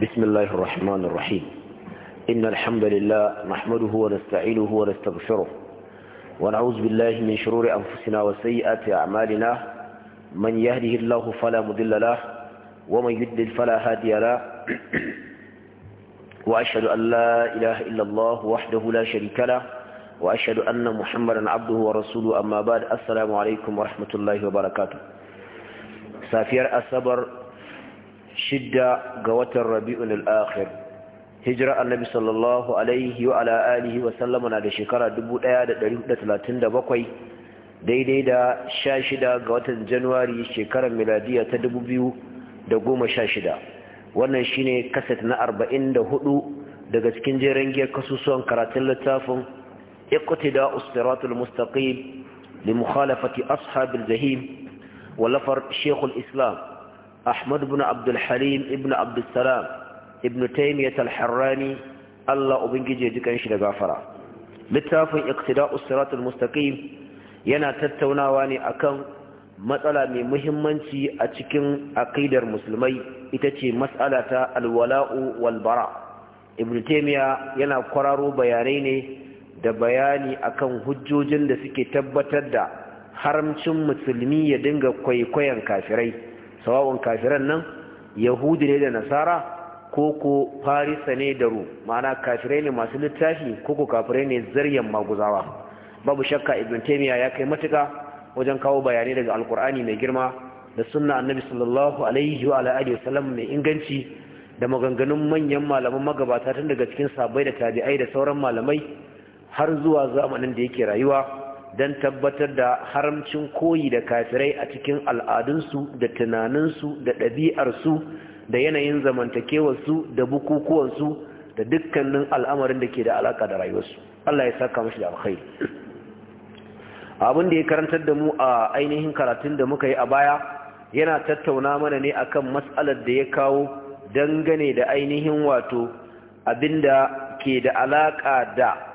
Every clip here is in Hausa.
بسم الله الرحمن الرحيم إن الحمد لله نحمده ونستعينه ونستغفره ونعوذ بالله من شرور أنفسنا وسيئات أعمالنا من يهده الله فلا مضل له ومن يدل فلا هادي له وأشهد أن لا إله إلا الله وحده لا شريك له وأشهد أن محمدا عبده ورسوله أما بعد السلام عليكم ورحمة الله وبركاته سافير الصبر shidda ga watan rabi'ul al hijira annabi sallallahu alaihi wa ala alihi wa sallama na da shekara 1437 daidai da 16 ga watan januwari shekarar miladiya ta 2016 wannan shine kaset na 44 daga cikin jerin giyar kasusuwan karatun littafin iqtida siratul mustaqim li mukhalafati ashabil zahim wallafar shekul islam Ahmad بن عبد الحليم Ibn عبد السلام ابن تيمية الحراني الله أبنجي جدك shi da gafara. littafin iqtida'us siratul mustaqim yana tattaunawa ne akan matsala mai muhimmanci a cikin aƙidar musulmai ita ce mas'ala ta alwala'u Walbara. bara ibn taymiya yana kwararo bayanai ne da bayani akan hujjojin da suke tabbatar da haramcin musulmi ya dinga kwaikwayon kafirai sawawan kafiran nan yahudi ne da nasara ko ko farisa ne da ru ma'ana kafirai ne masu littafi ko ko kafirai ne zaryan maguzawa babu shakka ibn taymiya ya kai matuka wajen kawo bayanai daga alkur'ani mai girma da sunna annabi sallallahu alaihi wa alihi wasallam mai inganci da maganganun manyan malaman magabata tun daga cikin sabai da tabi'ai da sauran malamai har zuwa zamanin da yake rayuwa don tabbatar da haramcin koyi da kafirai a cikin al'adunsu da tunaninsu da ɗabi'arsu da yanayin zamantakewarsu da bukukuwansu da dukkanin al'amarin da ke da alaƙa da rayuwarsu Allah ya saka mashi da alkhairi abin da ya karantar da mu a ainihin karatun da muka yi a baya yana tattauna mana ne akan matsalar da ya kawo dangane da ainihin wato abinda ke da alaƙa da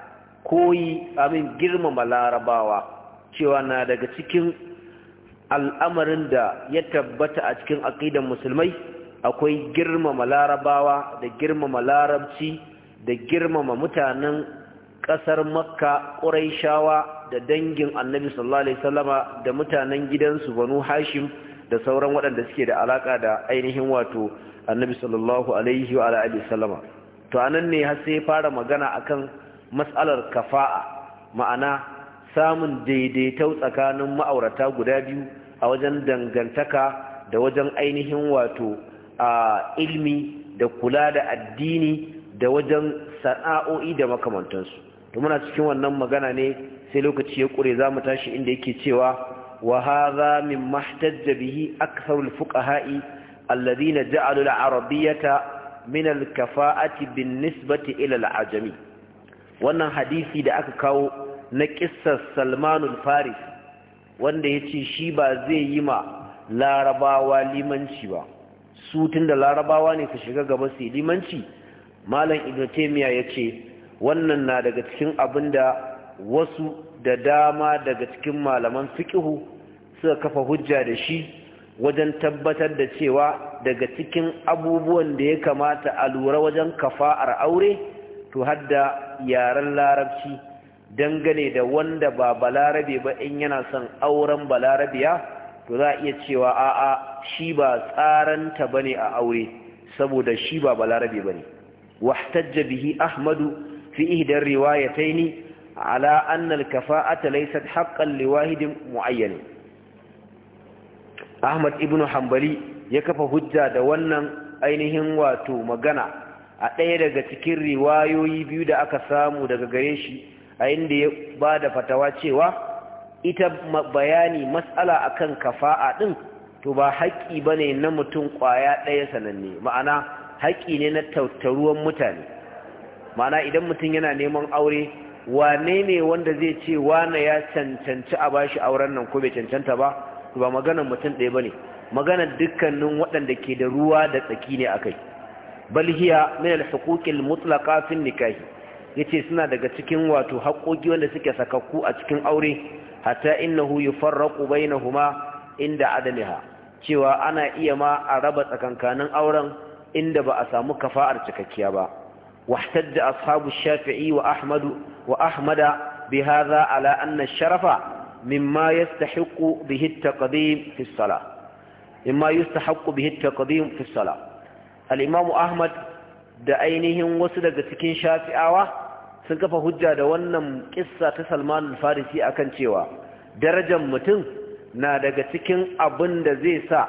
koyi amin girmama larabawa cewa na daga cikin al'amarin da ya tabbata a cikin aƙidan musulmai akwai girmama larabawa da girmama larabci da girmama mutanen ƙasar makka ƙuraishawa da dangin annabi sallallahu alaihi da mutanen gidansu banu hashim da sauran waɗanda suke da alaƙa da ainihin wato annabi sallallahu alaihi wa alaihi sallama to anan ne har sai fara magana akan matsalar kafa'a ma'ana samun daidaito tsakanin ma'aurata guda biyu a wajen dangantaka da wajen ainihin wato a ilmi da kula da addini da wajen sana'o'i da makamantansu to muna cikin wannan magana ne sai lokaci ya kure zamu tashi inda yake cewa wa hadha min mahtajja bihi aktharul fuqaha'i alladhina ja'alu al-arabiyyata min al-kafa'ati bin nisbati ila al-ajami wannan hadisi da aka kawo na kissar salmanul faris wanda ya ce shi ba zai yi ma larabawa limanci ba su tun da larabawa ne su shiga gaba su limanci malam idotemiya ya ce wannan na daga cikin abin da wasu da dama daga cikin malaman fikihu suka kafa hujja da shi wajen tabbatar da cewa daga cikin abubuwan da ya kamata a lura wajen kafa'ar aure to hadda yaren larabci dangane da wanda ba balarabe ba in yana son auren balarabiya to za a iya cewa a'a shi ba tsaranta ne a aure saboda shi ba balarabe bane wahtajja bihi ahmadu fi ihdar riwayataini ala annal kafaata laysat haqqan liwahidin mu'ayyan ahmad ibnu hanbali ya kafa hujja da wannan ainihin wato magana a ɗaya daga cikin riwayoyi biyu da aka samu daga gare shi a inda ya ba da fatawa cewa ita bayani matsala akan kafa'a ɗin to ba haƙƙi ba ne na mutum ƙwaya ɗaya sananne ma'ana haƙƙi ne na tattaruwan mutane ma'ana idan mutum yana neman aure wane ne wanda zai ce wane ya cancanci a bashi auren nan ko bai cancanta ba to ba maganar mutum ɗaya ba ne maganar dukkanin waɗanda ke da ruwa da tsaki ne a kai bal hiya min al-huquq al-mutlaqa fi nikahi yace suna daga cikin wato haƙoƙi wanda suke sakakku a cikin aure hatta innahu yufarraqu bainahuma inda adamiha cewa ana iya ma a raba tsakankanin auren inda ba a samu kafa'ar cikakkiya ba wahtajja ashabu shafi'i wa ahmad wa ahmad bi hadha ala anna sharafa mimma yastahiqu bihi at-taqdim fi as-salah mimma yastahiqu bihi at-taqdim fi as-salah al'imamu ahmad da ainihin wasu daga cikin shafi'awa sun kafa hujja da wannan kissa ta salman al-farisi akan cewa darajar mutum na daga cikin abin da zai sa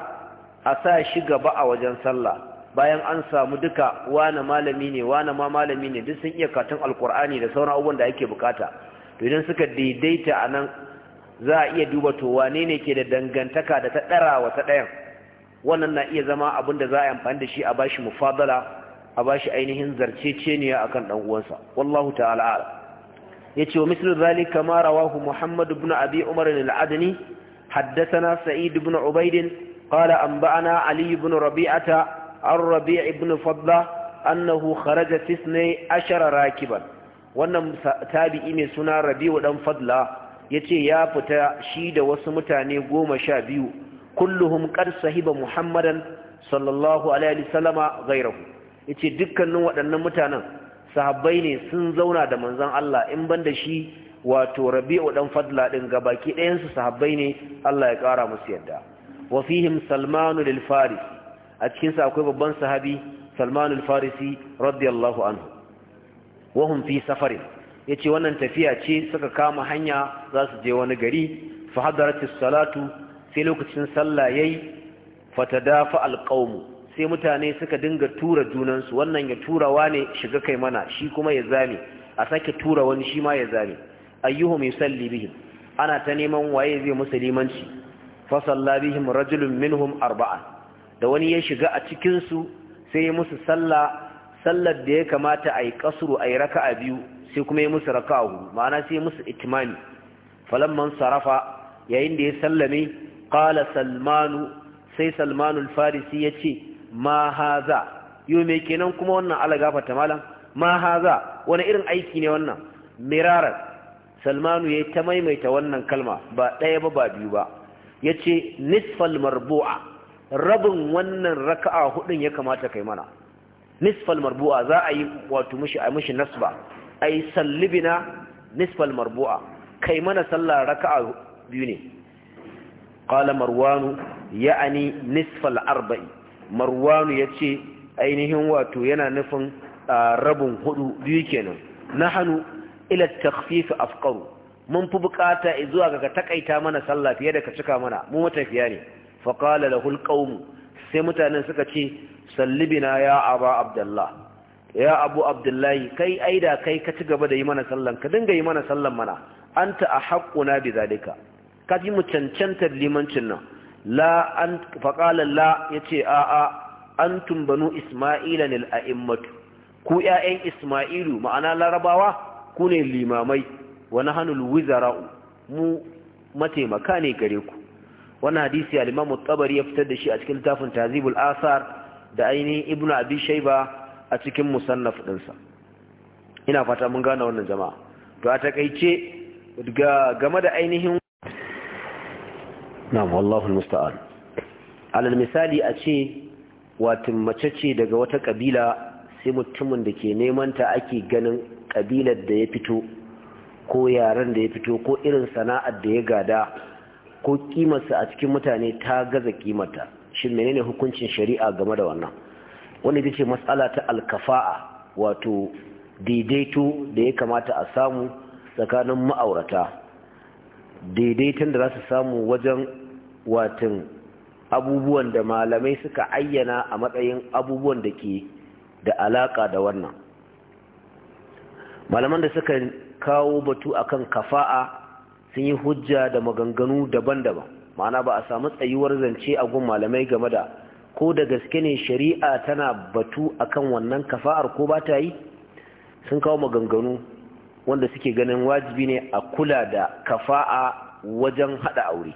a sa shi gaba a wajen sallah bayan an samu duka wane malami ne wane ma malami ne duk sun iya katon alkur'ani da sauran abubuwan da ake bukata to idan suka daidaita a nan za a iya duba to wane ne ke da dangantaka da ta ɗara wa ta ɗayan wannan na iya zama abin da za a yi amfani da shi a bashi mufadala a bashi ainihin zarceceniya akan dan uwansa wallahu ta'ala ala yace wa mislu zalika ma rawahu muhammad ibn abi umar al-adni haddathana sa'id ibn ubayd qala anba'ana ali ibn rabi'ata الربيع بن فضله أنه خرج في اثني عشر راكبا wannan tabi'i mai suna rabi'u dan fadla yace ya fita shi da wasu mutane goma sha biyu kulluhum qad sahiba muhammadan sallallahu alaihi wasallama ghayrahu yace dukkanin waɗannan mutanen sahabbai ne sun zauna da manzon Allah in banda shi wato rabi'u dan fadla din gabaki ɗayan su sahabbai ne Allah ya ƙara musu yadda wa fihim salmanu lil faris a cikin sa akwai babban sahabi salmanu lil farisi radiyallahu anhu wa hum fi safarin yace wannan tafiya ce suka kama hanya za su je wani gari fa hadarat salatu sai lokacin sallah yayi fatadafa alqaum sai mutane suka dinga tura junansu wannan ya turawa ne shiga kai mana shi kuma ya zame a sake tura wani shi ma ya zame ayyuhum yusalli bihim ana ta neman waye zai musulmanci fa salla bihim rajulun minhum arba'a da wani ya shiga a cikin su sai ya musu sallah sallar da ya kamata ayi kasru ayi raka'a biyu sai kuma ya musu raka'a hudu ma'ana sai musu itimami falamman sarafa yayin da ya sallame qala salmanu sai salmanul farisi ya ce ma haza yau mai kenan kuma wannan alagafa ta malam Mahaza wani irin aiki ne wannan Mirara salmanu ya ta maimaita wannan kalma ba ɗaya ba ba biyu ba ya ce nisfal marbu'a rabin wannan raka'a hudun ya kamata kai mana nisfal marbu'a za a yi wato mushi a mushi nasba ai sallibina nisfal marbu'a kai mana sallah raka'a biyu ne qala marwanu ya'ani nisfal arba'i marwanu ce ainihin wato yana nufin rabin hudu biyu kenan nahanu ila takhfif afqaru mun fi bukata zuwa ga takaita mana sallah fiye da ka cika mana mu matafiya ne fa qala lahul mu sai mutanen suka ce sallibina ya abdullah ya abu abdullahi kai aida kai ka ci gaba da yi mana sallan ka dinga yi mana sallan mana anta ahaqquna bi zalika ka mu cancantar limancin nan la an faƙala la ya ce a a an tumbanu isma'ila ne a'immatu ku ‘ya'yan isma'ilu ma'ana larabawa ku ne limamai wani hannun wizara'u mu mataimaka ne gare ku wani hadisi alimamu tsabari ya fitar da shi a cikin tafin tazibul asar da ainihin ibnu abi shaiba a cikin musannaf ɗinsa ina fata mun gane wannan jama'a to a takaice game da ainihin na'am wallahu musta'an alal misali a ce watin mace ce daga wata kabila sai mutumin da ke neman ta ake ganin kabilar da ya fito ko yaren da ya fito ko irin sana'ar da ya gada ko kimarsa a cikin mutane ta gaza kimarta shi menene hukuncin shari'a game da wannan wani ita ce matsala ta alkafa'a wato daidaito da ya kamata a samu tsakanin ma'aurata daidaiton da za su samu wajen watan abubuwan da malamai suka ayyana a matsayin abubuwan da ke da alaka da wannan malaman da suka kawo batu akan kafa'a sun yi hujja da maganganu daban-daban ma'ana ba a samu tsayuwar zance a gun malamai game da ko da gaske ne shari'a tana batu akan wannan kafa'ar ko ba ta yi sun kawo maganganu wanda suke ganin wajibi ne a kula da kafa'a wajen hada aure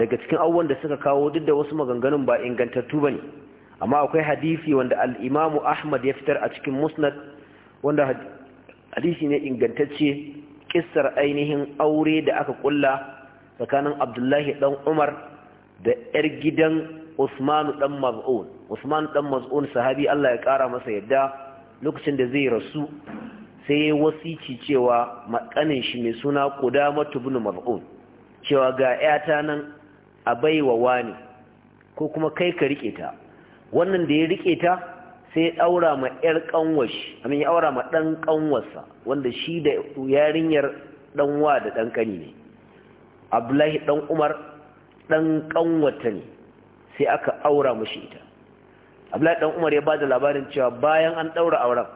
daga cikin abubuwan da suka kawo duk da wasu maganganun ba ingantattu ba ne amma akwai hadisi wanda al'imamu ahmad ya fitar a cikin musnad wanda hadisi ne ingantacce kissar ainihin aure da aka kulla tsakanin abdullahi dan umar da 'yar gidan usmanu dan maz'un usmanu dan maz'un sahabi allah ya kara masa yadda lokacin da zai rasu sai ya wasici cewa matsanin shi mai suna kudama ibn maf'un cewa ga yata nan a baiwa wani ko kuma kai ka rike ta wannan da ya rike ta sai ya ma yar kanwashi amin ya aura ma ɗan kanwarsa wanda shi da yarinyar dan wa da dan kani ne Abdullahi ɗan Umar ɗan kanwata ne sai aka aura mashi ita Abdullahi ɗan Umar ya ba da labarin cewa bayan an ɗaura auren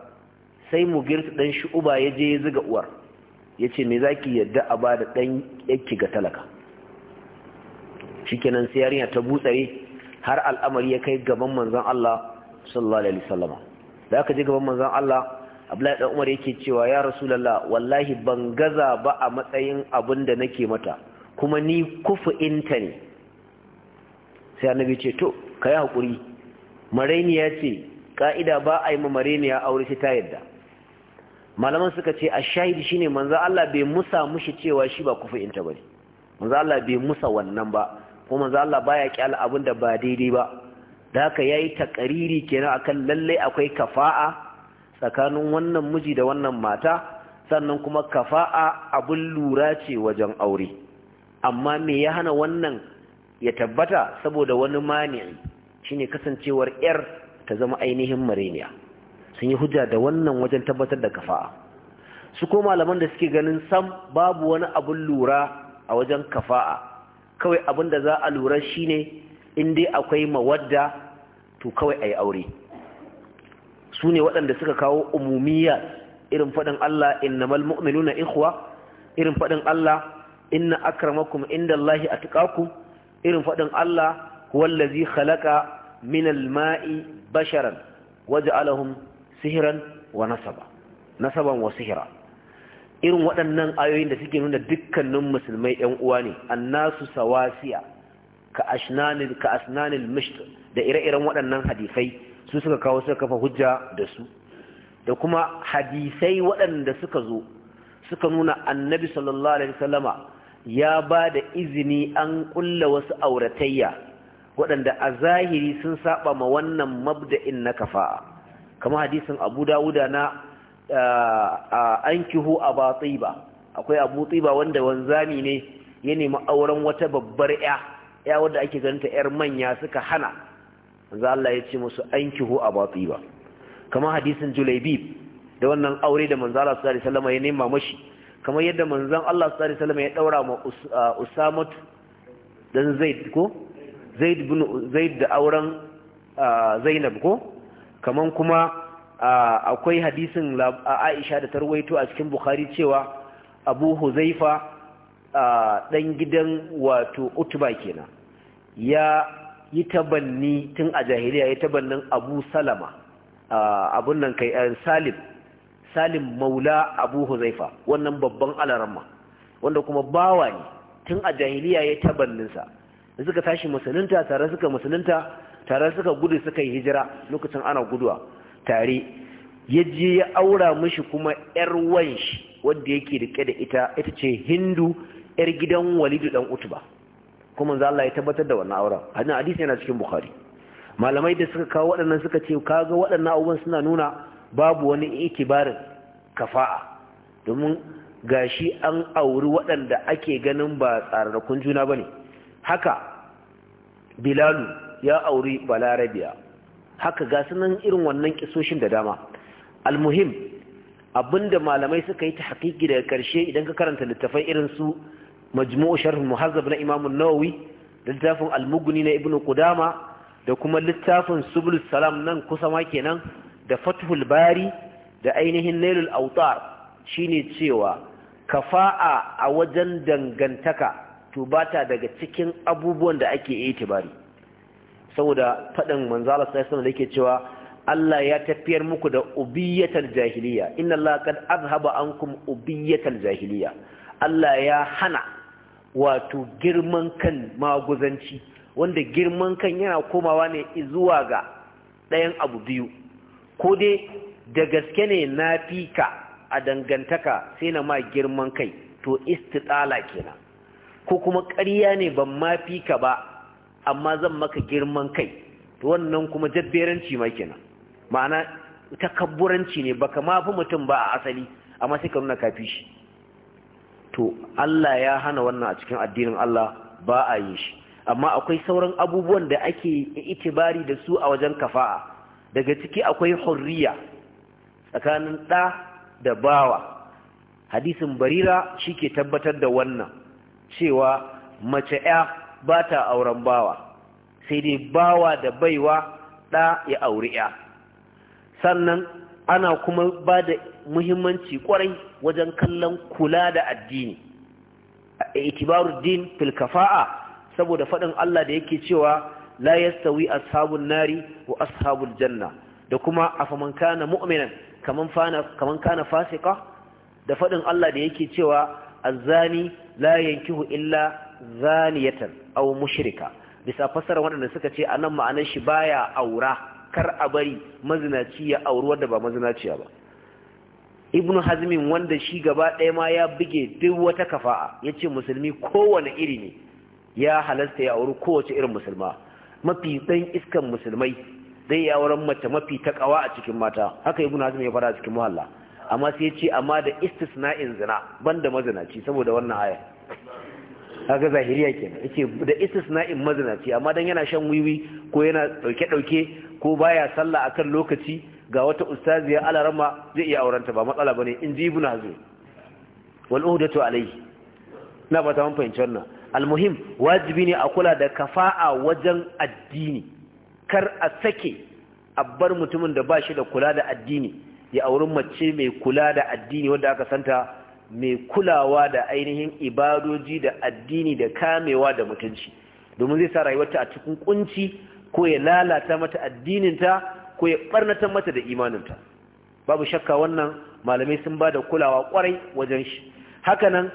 sai mu ɗan shi uba ya je ya ziga uwar ya ce me zaki yadda a ba da ɗan yake ga talaka shikenan sai yarinya ta butsare har al'amari ya kai gaban manzon Allah sallallahu alaihi wasallama da aka je gaban manzon Allah Abdullahi dan Umar yake cewa ya Rasulullah wallahi ban gaza ba a matsayin abin da nake mata kuma ni inta ne sai annabi ce to kai hakuri mareniya ce ka'ida ba a yi ma mareniya aure sai ta yadda malaman suka ce a shahidi shine manzan Allah bai musa mushi cewa shi ba ba ne manzan Allah bai musa wannan ba ko manzan Allah baya kyala abin da ba daidai ba da haka ya yi takariri kenan akan lallai akwai kafa'a tsakanin wannan miji da wannan mata sannan kuma kafa'a abin lura ce wajen aure amma me ya hana wannan ya tabbata saboda wani mani'i shine kasancewar yar ta zama ainihin mareniya sun yi hujja da wannan wajen tabbatar da kafa'a su ko malaman da suke ganin sam babu wani abun lura a wajen kafa'a kawai abin da za a lura shine in dai akwai mawadda to kawai a yi aure su ne waɗanda suka kawo umumiya irin faɗin Allah malmu'minu na ikuwa irin faɗin Allah inna akramakum indallahi ku irin faɗin Allah wallazi khalaqa minal ma'i basharan waje alahun sihiran wa nasaba nasaban wa sihira irin waɗannan ayoyin da suke nuna dukkanin musulmai ɗan uwa ne annasu sawasiya ka asnanil ka asnanil da ire-iren waɗannan hadisai su suka kawo suka kafa hujja da su da kuma hadisai waɗanda suka zo suka nuna annabi sallallahu alaihi wasallama ya ba da izini an kulla wasu auratayya waɗanda a zahiri sun saba ma wannan mabda'in na kafa'a kamar hadisin abu dawuda na an kihu a batsiba akwai abu tsiba wanda wanzami ne ya nemi auren wata babbar ya ya wadda ake ganta yar manya suka hana manzo Allah ya ce musu an kihu a batsiba kama hadisin julaibib da wannan aure da manzo Allah sallallahu alaihi wasallam ya nema mashi kamar yadda manzon Allah sallallahu alaihi wasallam ya daura ma Usamah dan Zaid ko Zaid bin Zaid da auren Zainab ko kaman kuma akwai hadisin Aisha da tarwaito a cikin Bukhari cewa Abu Huzaifa dan gidan wato Utba kenan ya yi tabanni tun a jahiliya ya tabannin Abu Salama abun nan kai eh, Salim Salim Maula Abu Huzaifa wannan babban alaramma wanda kuma bawa ne tun a jahiliya ya tabanninsa suka tashi musulunta tare suka musulunta tare suka gudu suka yi hijira lokacin ana guduwa tare ya je ya aura mashi kuma yar wanshi wanda yake rike da ita ita ce hindu yar gidan walidu dan utuba kuma za Allah ya tabbatar da wannan auren hadin hadisi yana cikin bukhari malamai da suka kawo waɗannan suka ce kaga waɗannan abubuwan suna nuna babu wani ikibarin kafa'a domin gashi an auri waɗanda ake ganin ba tsararrakun juna bane haka bilalu ya auri balarabiya haka ga sunan irin wannan kisoshin da dama almuhim abinda malamai suka yi ta haƙiƙi daga ƙarshe idan ka karanta littafai irin su majmu'u sharh muhazzab na imamun nawawi da littafin almuguni na ibnu qudama da kuma littafin subul salam nan kusa ma kenan da fathul bari da ainihin nailul autar shine cewa kafa'a a wajen dangantaka to bata daga cikin abubuwan da ake itibari saboda faɗin manzala sallallahu da yake cewa Allah ya tafiyar muku da ubiyatal jahiliya inna Allah kad azhaba ankum ubiyatal jahiliya Allah ya hana wato girman kan maguzanci wanda girman kan yana komawa ne zuwa ga ɗayan abu biyu ko dai da gaske ne na fi ka a dangantaka sai na ma girman kai to istitala kenan ko kuma ƙarya ne ban ma ka ba amma zan maka girman kai to wannan kuma jabberanci ma kenan ma'ana takabburanci ne baka ma fi mutum ba a asali amma sai ka nuna kafi shi to Allah ya hana wannan a cikin addinin Allah ba a yi shi amma akwai sauran abubuwan da ake itibari da su a wajen kafa'a daga ciki akwai hurriya tsakanin ɗa da bawa hadisin barira shi ke tabbatar da wannan cewa mace 'ya ba ta auren bawa sai dai bawa da baiwa ɗa ya auri ya sannan ana kuma ba da muhimmanci kwarai wajen kallon kula da addini a itibaru din fil saboda faɗin Allah da yake cewa la yastawi ashabun nari wa ashabul janna da kuma afaman kana mu'minan kaman fana kaman kana fasika da faɗin Allah da yake cewa azzani la yankihu illa zaniyatan aw mushrika bisa fasara waɗanda suka ce anan ma'anar shi baya aura kar a bari mazinaci ya auri wanda ba mazinaciya ba ibnu hazmin wanda shi gaba ɗaya ma ya buge duk wata kafa'a ya ce musulmi kowane iri ne ya halasta ya auri kowace irin musulma mafi ɗan iskan musulmai zai ya auren mace mafi ta ƙawa a cikin mata haka ibnu hazmin ya fara a cikin muhalla amma sai ya ce amma da istisna'in zina banda mazinaci saboda wannan aya kaga zahiriya kenan yace da istisna'in mazinaci amma dan yana shan wiwi ko yana dauke dauke ko baya sallah akan lokaci ga wata ustaziya rama zai iya aurenta ba matsala bane in ji ibnu hazm wal uhdatu alayhi na fata mun fahimci wannan almuhim wajibi ne a kula da kafa'a wajen addini kar a sake a bar mutumin da ba shi da kula da addini ya auri mace mai kula da addini wanda aka santa mai kulawa da ainihin ibadoji da addini da kamewa da mutunci domin zai sa rayuwarta a cikin kunci ko ya lalata mata addininta ko ya barnatar mata da imaninta babu shakka wannan malamai sun ba da kulawa kwarai wajen shi hakanan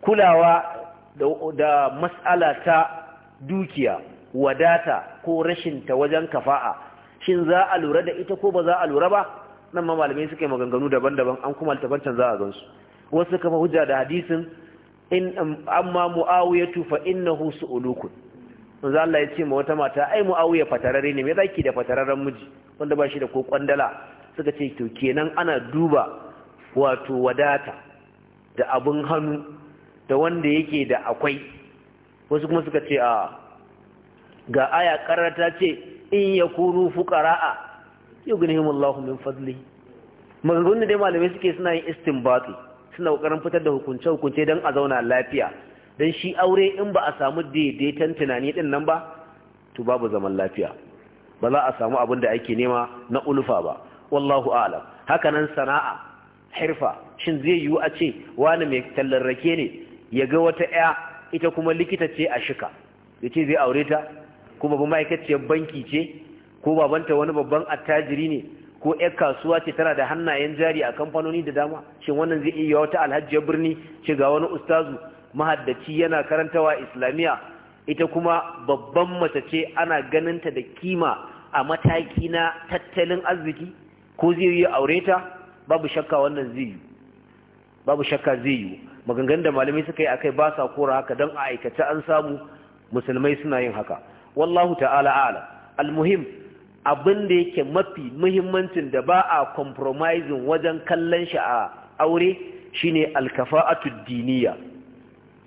kulawa da matsala ta dukiya wadata ko rashinta wajen kafa'a shin za a lura da ita ko ba za a lura ba nan ma malamai suka yi maganganu daban-daban an kuma altabancan za a gansu wasu kafa hujja da hadisin in amma mu'awiyatu fa innahu su'ulukun manzo Allah ya ce ma wata mata ai mu'awiya fatararre ne me zaki da fatararren miji wanda ba shi da ko kwandala suka ce to kenan ana duba wato wadata da abun hannu da wanda yake da akwai wasu kuma suka ce a ga aya karata ce in yakunu fuqara'a yughnihimullahu min fadli maganganun da malamai suke suna yin istinbati suna ƙoƙarin fitar da hukunce-hukunce don a zauna lafiya don shi aure in ba a samu daidaiton tunani ɗin nan ba to babu zaman lafiya ba za a samu abin da ake nema na ulufa ba wallahu alam hakanan sana'a hirfa shin zai yiwu a ce wani mai tallar rake ne ya ga wata 'ya ita kuma likita ce a shika ya ce zai aure ta ko babban ma'aikaciyar banki ce ko babanta wani babban attajiri ne ko ‘yar kasuwa ce tana da hannayen jari a kamfanoni da dama shin wannan zai iya wata alhajiyar birni ce ga wani ustazu mahaddaci yana karantawa islamiyya ita kuma babban mace ce ana ganinta da kima a mataki na tattalin arziki ko zai yi aure ta babu shakka wannan zai yi babu shakka zai yi maganganun da malamai suka yi akai ba sa kora haka don a aikace an samu musulmai suna yin haka wallahu ta'ala a'lam almuhim abin da yake mafi muhimmancin da ba a compromising wajen kallon shi a aure shine alkafa'atu diniya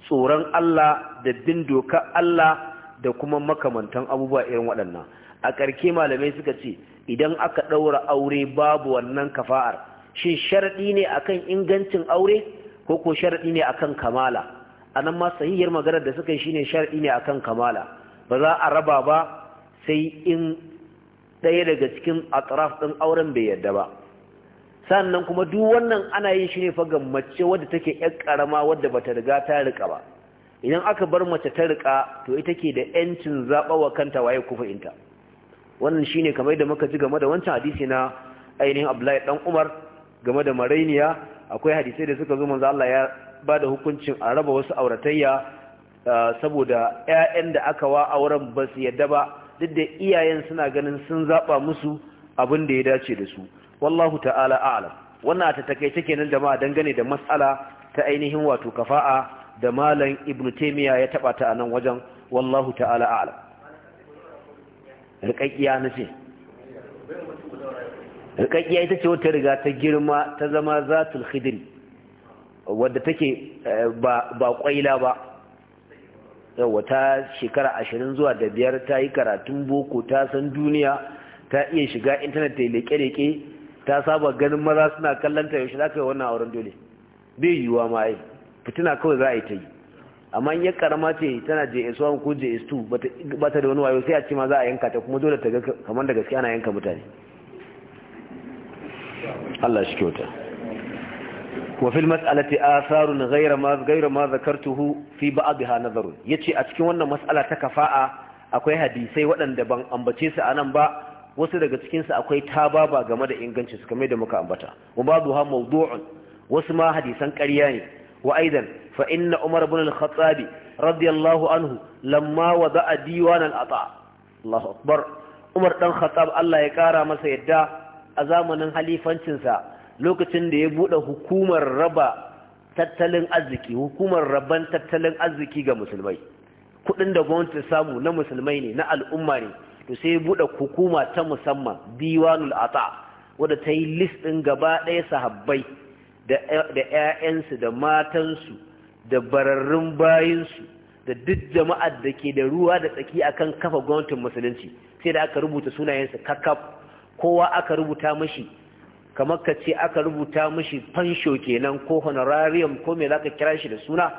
tsoron Allah da bin doka Allah da kuma makamantan abubuwa irin waɗannan a ƙarke malamai suka ce idan aka ɗaura aure babu wannan kafa'ar shin sharaɗi ne akan ingancin aure ko ko sharaɗi ne akan kamala anan ma sahihiyar maganar da suka yi shine sharaɗi ne akan kamala ba za a raba ba sai in ɗaya daga cikin atraf ɗin auren bai yadda ba sannan kuma duk wannan ana yi shi ne fa mace wadda take ƴar ƙarama wadda bata riga ta riƙa ba idan aka bar mace ta riƙa to ita ke da yancin zaɓa wa kanta waye inta wannan shine kamar da muka ji game da wancan hadisi na ainihin Abdullahi Ɗan Umar game da marainiya akwai hadisai da suka zo manzo Allah ya ba da hukuncin a raba wasu auratayya eh, saboda ƴaƴan da aka wa auren ba su yadda ba duk da iyayen suna ganin sun zaɓa musu abin da ya dace da su wallahu ta'ala a'lam wannan ta takaice kenan jama'a dangane da matsala ta ainihin wato kafa'a da malam ibnu taymiya ya taba ta anan wajen wallahu ta'ala a'lam riƙaƙiya na ce ita ce wata riga ta girma ta zama zatul khidri wadda take eh, ba kwaila ba yawa ta shekara ashirin zuwa da biyar ta yi karatun boko ta san duniya ta iya shiga intanet ta leke-leke ta saba ganin maza suna kallon ta yaushe za yi wannan auren dole bai yiwuwa ma yi fitina kawai za a yi ta yi amma in ya karama ce tana js1 ko js2 ba ta da wani wayo sai a ce ma za a yanka ta kuma dole ta ga kamar da gaske ana yanka mutane Allah shi kyauta وفي المسألة آثار غير ما غير ما ذكرته في بعضها نظر يجي a cikin wannan mas'ala ta kafa'a akwai hadisai waɗanda ban ambace su anan ba wasu daga cikin su akwai tababa game da ingancin su kamar da muka ambata wa ba'dha mawdu'un wasu ma hadisan karya ne wa aidan fa inna umar ibn al radiyallahu anhu lamma wada'a diwan al-ata Allahu umar dan khattab Allah ya kara masa yadda a zamanin halifancinsa lokacin da ya buɗe hukumar raba tattalin arziki hukumar raban tattalin arziki ga musulmai kuɗin da gwamnati samu na musulmai ne na al'umma ne to sai ya buɗe hukuma ta musamman diwanul ata wadda ta yi list ɗin gaba ɗaya sahabbai da 'ya'yansu da matansu da bararrun bayinsu da duk jama'ar da ke da ruwa da tsaki akan kafa gwamnatin musulunci sai da aka rubuta sunayensu kakaf kowa aka rubuta mashi kamar ka ce aka rubuta mashi fansho kenan ko honorarium ko za zaka kira shi da suna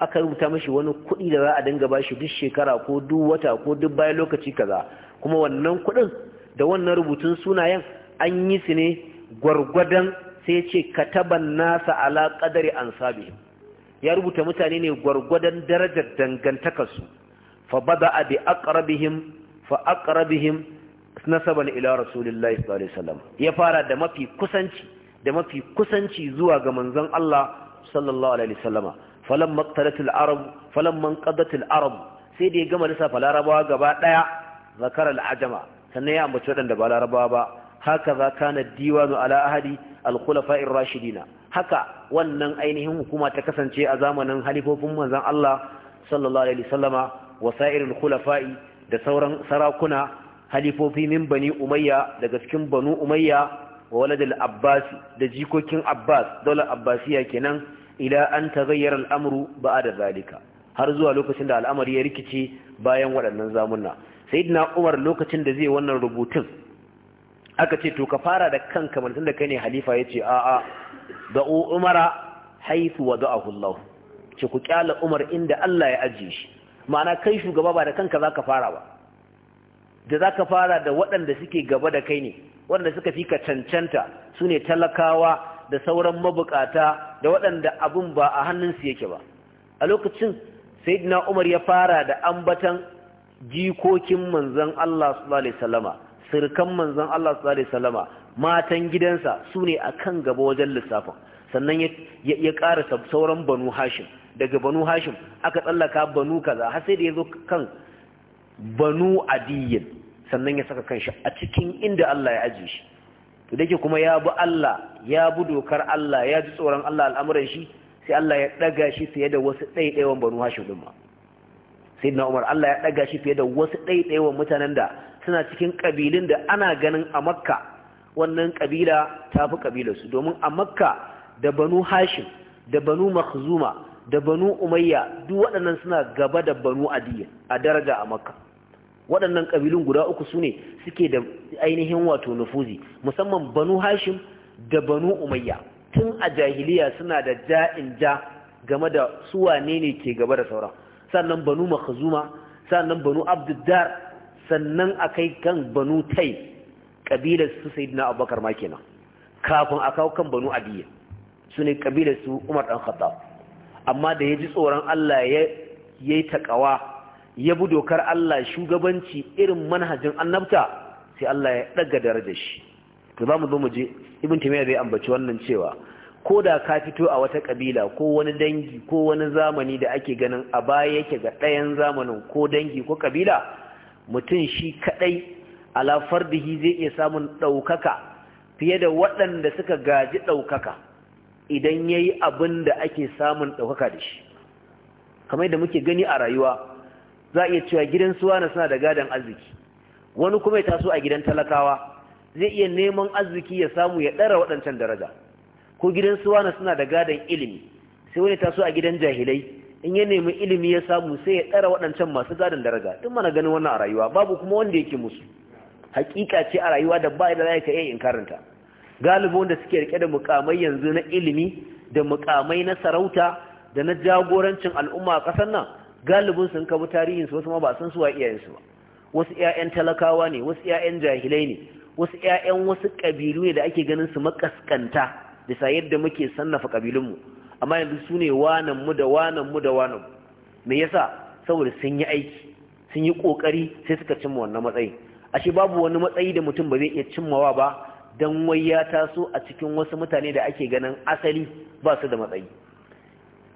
aka rubuta mashi wani kuɗi da za a dinga ba shi duk shekara ko duk wata ko duk bayan lokaci kaza kuma wannan kuɗin da wannan rubutun sunayen an yi su ne gwargwadon sai ce kataban nasa ala an ansabi ya rubuta mutane ne gwargwadon darajar dangantakarsu fa bada bi aqrabihim fa aqrabihim nasaban ila rasulillahi sallallahu alaihi wasallam ya fara da mafi kusanci da mafi kusanci zuwa ga manzon Allah sallallahu alaihi wasallama falamma qtalatil arab falamma arab sai da ya gama lissafa larabawa gaba daya zakara al-ajama sannan ya ambaci wadanda ba larabawa ba haka za kana diwanu ala ahadi al-khulafa'ir rashidina haka wannan ainihin hukuma ta kasance a zamanin halifofin manzon Allah sallallahu alaihi wasallama wa khulafa'i da sauran sarakuna halifofi min bani umayya daga cikin banu umayya wa waladul abbas da jikokin abbas daular abbasiya kenan ila an taghayyara al'amru ba'da zalika har zuwa lokacin da al'amari ya rikice bayan waɗannan zamunna sayyidina umar lokacin da zai wannan rubutun aka ce to ka fara da kanka mantan da kai ne halifa yace a'a da umara haythu wada'ahu Allah ce ku kyala umar inda Allah ya ajiye shi ma'ana kai shugaba ba da kanka zaka fara ba da za ka fara da waɗanda suke gaba da kai ne waɗanda suka fi ka cancanta su ne talakawa da sauran mabukata da waɗanda abin ba a hannunsu yake ba a lokacin na umar ya fara da ambatan jikokin manzan, Allah sallallahu sirkan manzon Allah sallallahu matan gidansa su ne a kan gaba wajen lissafin sannan ya ƙara sauran banu hashim daga banu hashim aka tsallaka banu kaza har sai da ya zo kan banu adiyin sannan ya saka kanshi a cikin inda Allah ya ajiye shi to dake kuma ya bi Allah ya bi dokar Allah ya ji tsoron Allah al'amuran shi sai Allah ya daga shi fiye da wasu ɗaiɗaiwan banu hashim din ma sayyidina Umar Allah ya daga shi fiye da wasu ɗaiɗaiwan mutanen da suna cikin kabilun da ana ganin a Makka wannan kabila ta fi kabilarsu domin a Makka da banu hashim da banu makhzuma da banu umayya duk waɗannan suna gaba da banu adiyya a daraja a makka waɗannan ƙabilun guda uku su ne suke da ainihin wato nufuzi musamman banu hashim da banu umayya tun a jahiliya suna da ja'in ja game da su wane ne ke gaba da sauran sannan banu makhzuma sannan banu abduddar sannan akai kan banu tai kabilar su sayyidina abubakar ma kenan kafin a kawo kan banu adiyya su ne kabilar su umar dan khattab amma da ya ji tsoron Allah ya yi taƙawa ya bi dokar Allah shugabanci irin manhajin annabta sai Allah ya ɗaga darajar shi to za mu zo mu je ibn taymiya zai ambaci wannan cewa ko da ka fito a wata ƙabila ko wani dangi ko wani zamani da ake ganin a baya yake ga ɗayan zamanin ko dangi ko ƙabila mutum shi kaɗai ala fardihi zai iya samun ɗaukaka fiye da waɗanda suka gaji ɗaukaka idan ya yi abin da ake samun ɗaukaka da shi kamar da muke gani a rayuwa za a iya cewa gidan suwa na suna da gadon arziki wani kuma ya taso a gidan talakawa zai iya neman arziki ya samu ya ɗara waɗancan daraja ko gidan suwa na suna da gadon ilimi sai wani taso a gidan jahilai in ya nemi ilimi ya samu sai ya ɗara waɗancan masu gadon daraja duk mana ganin wannan a rayuwa babu kuma wanda yake musu hakika ce a rayuwa da ba da za ka iya inkarinta Galibin da suke rike da mukamai yanzu na ilimi da mukamai na sarauta da na jagorancin al'umma a ƙasar nan galibin sun kabi tarihin su wasu ma ba san suwa iyayensu ba wasu iyayen talakawa ne wasu iyayen jahilai ne wasu iyayen wasu kabilu ne da ake ganin su makaskanta bisa yadda muke sannafa mu. amma yanzu su ne wanan mu da wanan mu da wanan mu me yasa saboda sun yi aiki sun yi kokari sai suka cimma wannan matsayi ashe babu wani matsayi da mutum ba zai iya cimmawa ba Dan wai ya taso a cikin wasu mutane da ake ganin asali ba su da matsayi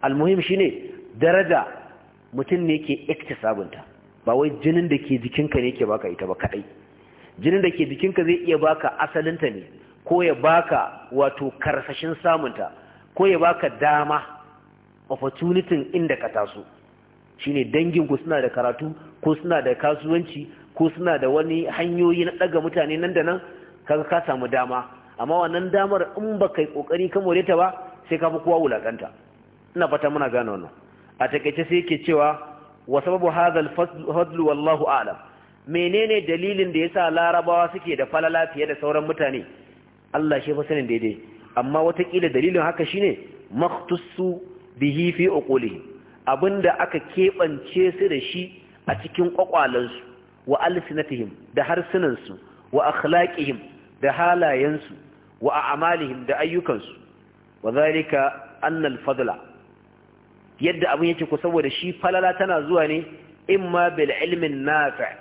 almuhim shine daraja mutum ne ke iktisabunta ba wai jinin da ke jikinka ne ke baka ita ba kadai jinin da ke jikinka zai iya baka asalinta ne ko ya baka wato karsashin samunta ko ya baka dama opportunity inda ka taso shine dangin ku suna da karatu ko suna da kasuwanci ko suna da wani hanyoyi na daga mutane nan da nan kaga ka samu dama amma wannan damar in ba kai kokari ka more ta ba sai ka fi kowa wulakanta ina fata muna gane wannan a takaice sai yake cewa wa sababu hadha al-fadl wallahu a'lam menene dalilin da yasa larabawa suke da falala fiye da sauran mutane Allah shi fa sanin daidai amma wataƙila dalilin haka shine maktusu bihi fi uqulihim abinda aka kebance su da shi a cikin kwakwalansu wa alsinatihim da harsunansu wa akhlaqihim da halayensu wa a'malihim da ayyukansu wa zalika annal fadla yadda abin yake ko saboda shi falala tana zuwa ne imma bil ilmin nafi'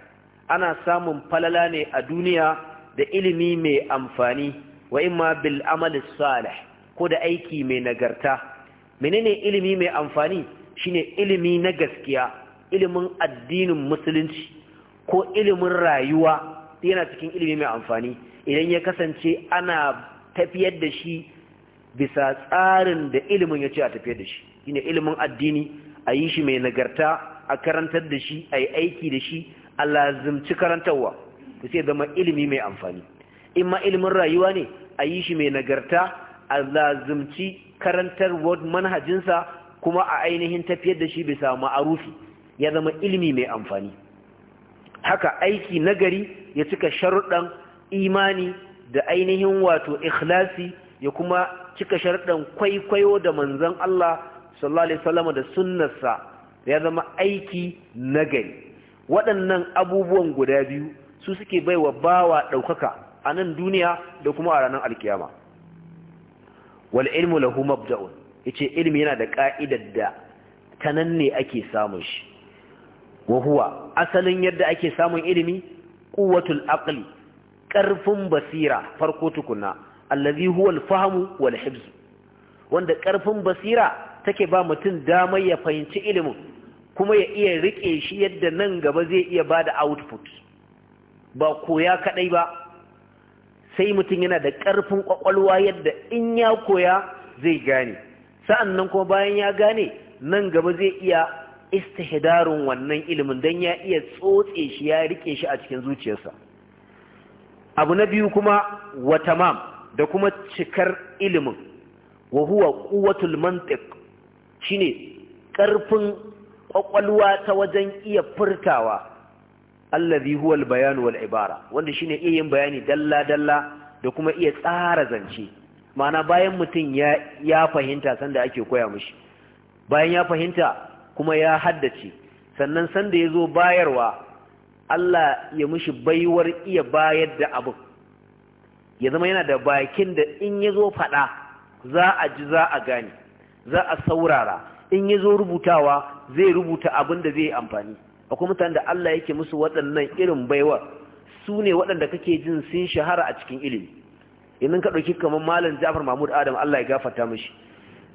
ana samun falala ne a duniya da ilimi mai amfani wa imma bil amali salih ko da aiki mai nagarta menene ilimi mai amfani shine ilimi na gaskiya ilimin addinin musulunci ko ilimin rayuwa yana cikin ilimi mai amfani idan ya kasance ana tafiyar da shi bisa tsarin da ilimin ya ce a tafiyar da shi shine ilimin addini a yi shi mai nagarta a karantar da shi a yi aiki da shi a lazimci karantarwa ta sai zama ilimi mai amfani in ma ilimin rayuwa ne a yi shi mai nagarta a lazimci karantar manhajinsa kuma a ainihin tafiyar da shi bisa ma'arufi ya zama ilimi mai amfani haka aiki nagari ya cika sharuɗan imani da ainihin wato ikhlasi ya kuma cika sharɗan kwaikwayo da manzon Allah sallallahu alaihi wasallam da sunnarsa ya zama aiki nagari waɗannan abubuwan guda biyu su suke baiwa bawa ɗaukaka a nan duniya da kuma a ranar alkiyama wal ilmu lahu mabda'un yace ilmi yana da ka'idar da ta ne ake samun shi wa huwa asalin yadda ake samun ilimi quwwatul aqli ƙarfin basira farko tukuna allazi huwa alfahamu wal hibz wanda ƙarfin basira take ba mutum damar ya fahimci ilimin kuma ya iya rike shi yadda nan gaba zai iya bada output ba koya kadai ba sai mutum yana da ƙarfin kwakwalwa yadda in ya koya zai gane sa'annan kuma bayan ya gane nan gaba zai iya istihdarun wannan ilimin dan ya iya tsotse shi ya rike shi a cikin zuciyarsa abu na biyu kuma wa tamam da kuma cikar ilimin wa huwa quwwatul mantiq shine karfin kwakwalwa ta wajen iya furtawa allazi huwa albayan wal ibara wanda shine iya yin bayani dalla dalla da kuma iya tsara zance ma'ana bayan mutum ya ya fahimta sanda ake koya mishi bayan ya fahimta kuma ya haddace sannan sanda yazo bayarwa Allah ya mishi baiwar iya bayar da abu ya zama yana da bakin da in ya zo faɗa za a ji za a gane za a saurara in ya zo rubutawa zai rubuta abin da zai yi amfani akwai mutane da Allah yake musu waɗannan irin baiwar su ne waɗanda kake jin sun shahara a cikin ilimi idan ka ɗauki kamar malam Ja'far Mahmud Adam Allah ya gafarta mishi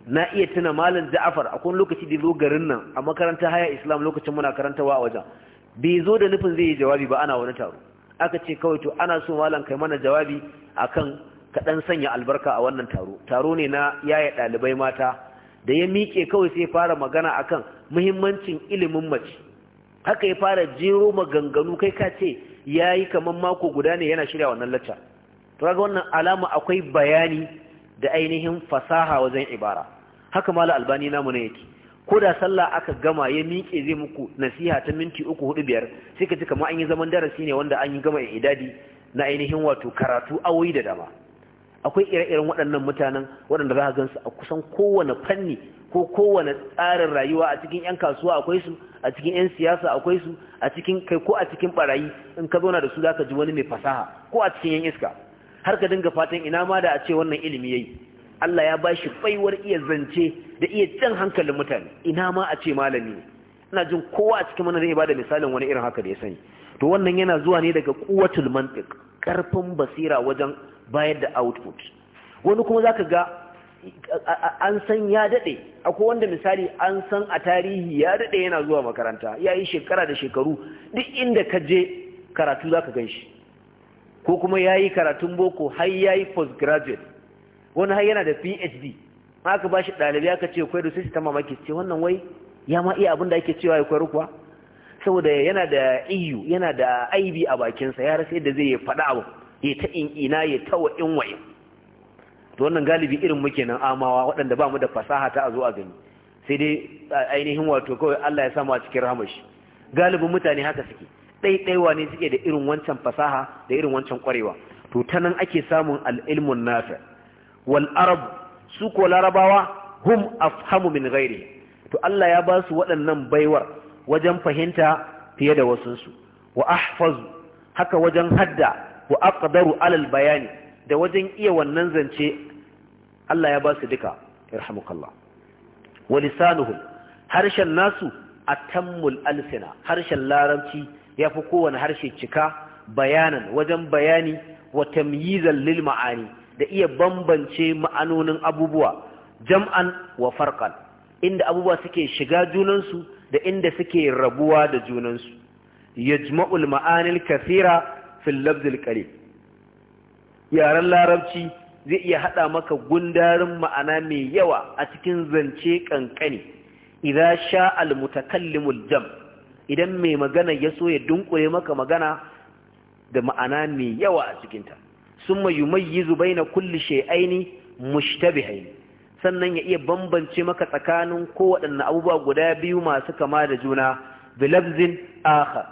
na iya tuna malam Ja'far akwai lokaci da zo garin nan a makarantar haya Islam lokacin muna karantawa a wajen bai zo da nufin zai yi jawabi ba ana wani taro aka ce kawai to ana so malam kai mana jawabi akan kaɗan sanya albarka a wannan taro taro ne na yaya ɗalibai mata da ya miƙe kawai sai fara magana akan muhimmancin ilimin mace haka ya fara jero maganganu kai ka ce ya yi kamar mako guda ne yana shirya wannan lacca to kaga wannan alama akwai bayani da ainihin fasaha wajen ibara haka malam albani namu ne yake ko da sallah aka gama ya miƙe zai muku nasiha ta minti uku hudu biyar sai ka ji kamar an yi zaman darasi ne wanda an yi gama idadi na ainihin wato karatu awoyi da dama akwai ire-iren waɗannan mutanen waɗanda za a gansu a kusan kowane fanni ko kowane tsarin rayuwa a cikin 'yan kasuwa akwai su a cikin 'yan siyasa akwai su a cikin kai ko a cikin barayi in ka zauna da su za ka ji wani mai fasaha ko a cikin 'yan iska har ka dinga fatan ina ma da a ce wannan ilimi yayi Allah ya ba shi baiwar iya zance da iya jan hankalin mutane ina ma a ce malami ina jin kowa a cikin mana zai da misalin wani irin haka da ya sani to wannan yana zuwa ne daga kuwatul mantiq karfin basira wajen bayar da output wani kuma zaka ga an san ya dade akwai wanda misali an san a tarihi ya dade yana zuwa makaranta ya yi shekara da shekaru duk inda ka je karatu zaka gan shi ko kuma ya yi karatun boko har ya yi postgraduate wani har yana da phd aka ba shi ɗalibi aka ce da sai ta mamaki ce wannan wai ya ma iya abin da ake cewa ya kwairu kuwa saboda yana da iyu e yana da aibi a bakinsa ya rasa yadda zai yi faɗa abu ya ta in ina ya ta wa in to wannan galibi irin muke nan amawa waɗanda ba mu da fasaha ta a zo a gani sai dai ainihin wato kawai Allah ya sa a cikin shi galibin mutane haka suke ɗaiɗaiwa ne suke da irin wancan fasaha da irin wancan ƙwarewa to ta nan ake samun al'ilmun nafi wal arab su ko larabawa hum afhamu min ghairi to Allah ya basu waɗannan baiwar wajen fahimta fiye da wasunsu wa ahfazu haka wajen hadda wa aqdaru alal bayani da wajen iya wannan zance Allah ya basu duka yarhamukallah wa lisanuhum harshen nasu atammul alsina harshen larabci yafi kowane harshe cika bayanan wajen bayani wa tamyizan lil da iya bambance ma'anonin abubuwa jam'an wa farqan inda abubuwa suke shiga junansu da inda suke rabuwa da junansu yajma'ul ma'anil kathira fil labdil qalil Yaren larabci zai iya hada maka gundarin ma'ana mai yawa a cikin zance kankani idza sha'al mutakallimul jam idan mai magana ya so ya dunkure maka magana da ma'ana mai yawa a cikinta summa yumayyizu baina kulli shay'aini mushtabihaini sannan ya iya bambance maka tsakanin kowaɗanne abubuwa guda biyu masu kama da juna bilabzin akhar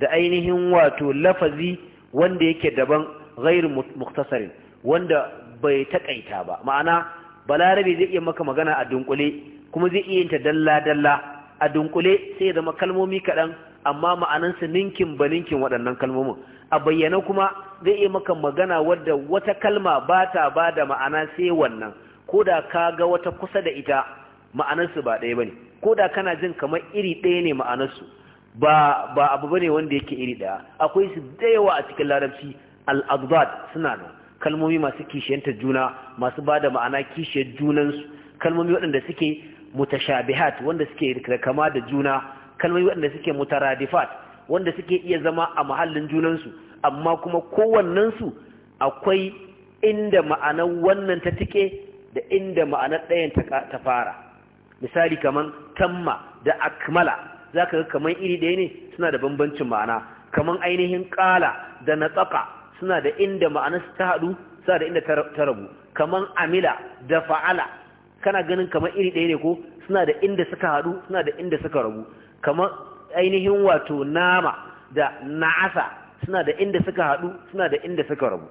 da ainihin wato lafazi wanda yake daban ghairu muktasarin wanda bai takaita ba ma'ana balarabe zai iya maka magana a dunkule kuma zai iya yinta dalla-dalla a dunkule sai ya zama kalmomi kaɗan amma ma'anansa ninkin ba ninkin waɗannan kalmomin a bayyana kuma zai iya maka magana wadda wata kalma ba ta ba da ma'ana sai wannan ko da ka ga wata kusa da ita ma'anarsu ba ɗaya ba ne ko da kana jin kamar iri ɗaya ne ma'anarsu ba abu ba ne wanda yake iri ɗaya akwai su da yawa a cikin larabci al'adbad suna nan kalmomi masu kishiyanta juna masu ba da ma'ana kishiyar junansu kalmomi waɗanda suke mutashabihat wanda suke kama da juna kalmomi waɗanda suke mutaradifat wanda suke iya zama a mahallin junansu amma kuma kowannensu akwai inda ma'anar wannan ta tike da inda ma'anar ɗayan ta fara misali kaman tamma da akmala za ka ga kaman iri ɗaya ne suna da bambancin ma'ana kaman ainihin ƙala da natsaka suna da inda ma'anar ta haɗu suna da inda ta rabu kaman amila da fa'ala kana ganin kaman iri ɗaya ne ko suna da inda suka haɗu suna da inda suka rabu kamar ainihin wato nama da na'asa suna da inda suka haɗu suna da inda suka rabu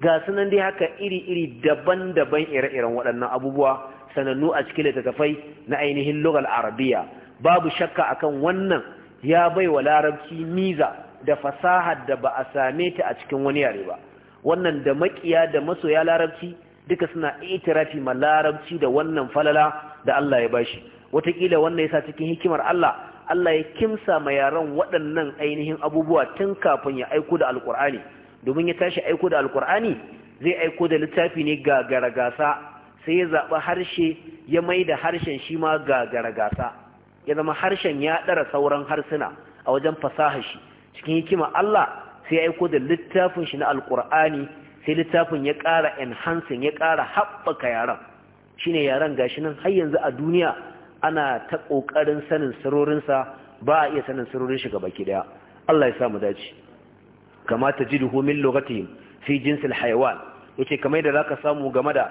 ga sunan dai haka iri-iri daban-daban ire-iren waɗannan abubuwa sanannu a cikin littattafai na ainihin lugal arabiya babu shakka akan wannan ya bai wa larabci miza da fasaha da ba a same ta a cikin wani yare ba wannan da makiya da masoya larabci duka suna itirafi ma larabci da wannan falala da Allah ya bashi wataƙila wannan yasa cikin hikimar Allah Allah ya kimsa ma yaran waɗannan ainihin abubuwa tun kafin ya aiko da alkur'ani domin ya tashi aiko da alkur'ani zai aiko da littafi ne ga garagasa sai ya zaɓi harshe ya mai da harshen shi ma ga garagasa ya zama harshen ya ɗara sauran harsuna a wajen fasaha shi cikin hikima Allah sai ya aiko da littafin shi na alkur'ani sai littafin ya ƙara enhancing ya ƙara haɓaka yaran shine yaran gashi nan har yanzu a duniya ana ta ƙoƙarin sanin sarorinsa, ba a iya sanin sarorin shi baki daya Allah ya sa mu dace kama tajiduhu min lokacin fi jinsil haywan yake kamai da zaka samu game da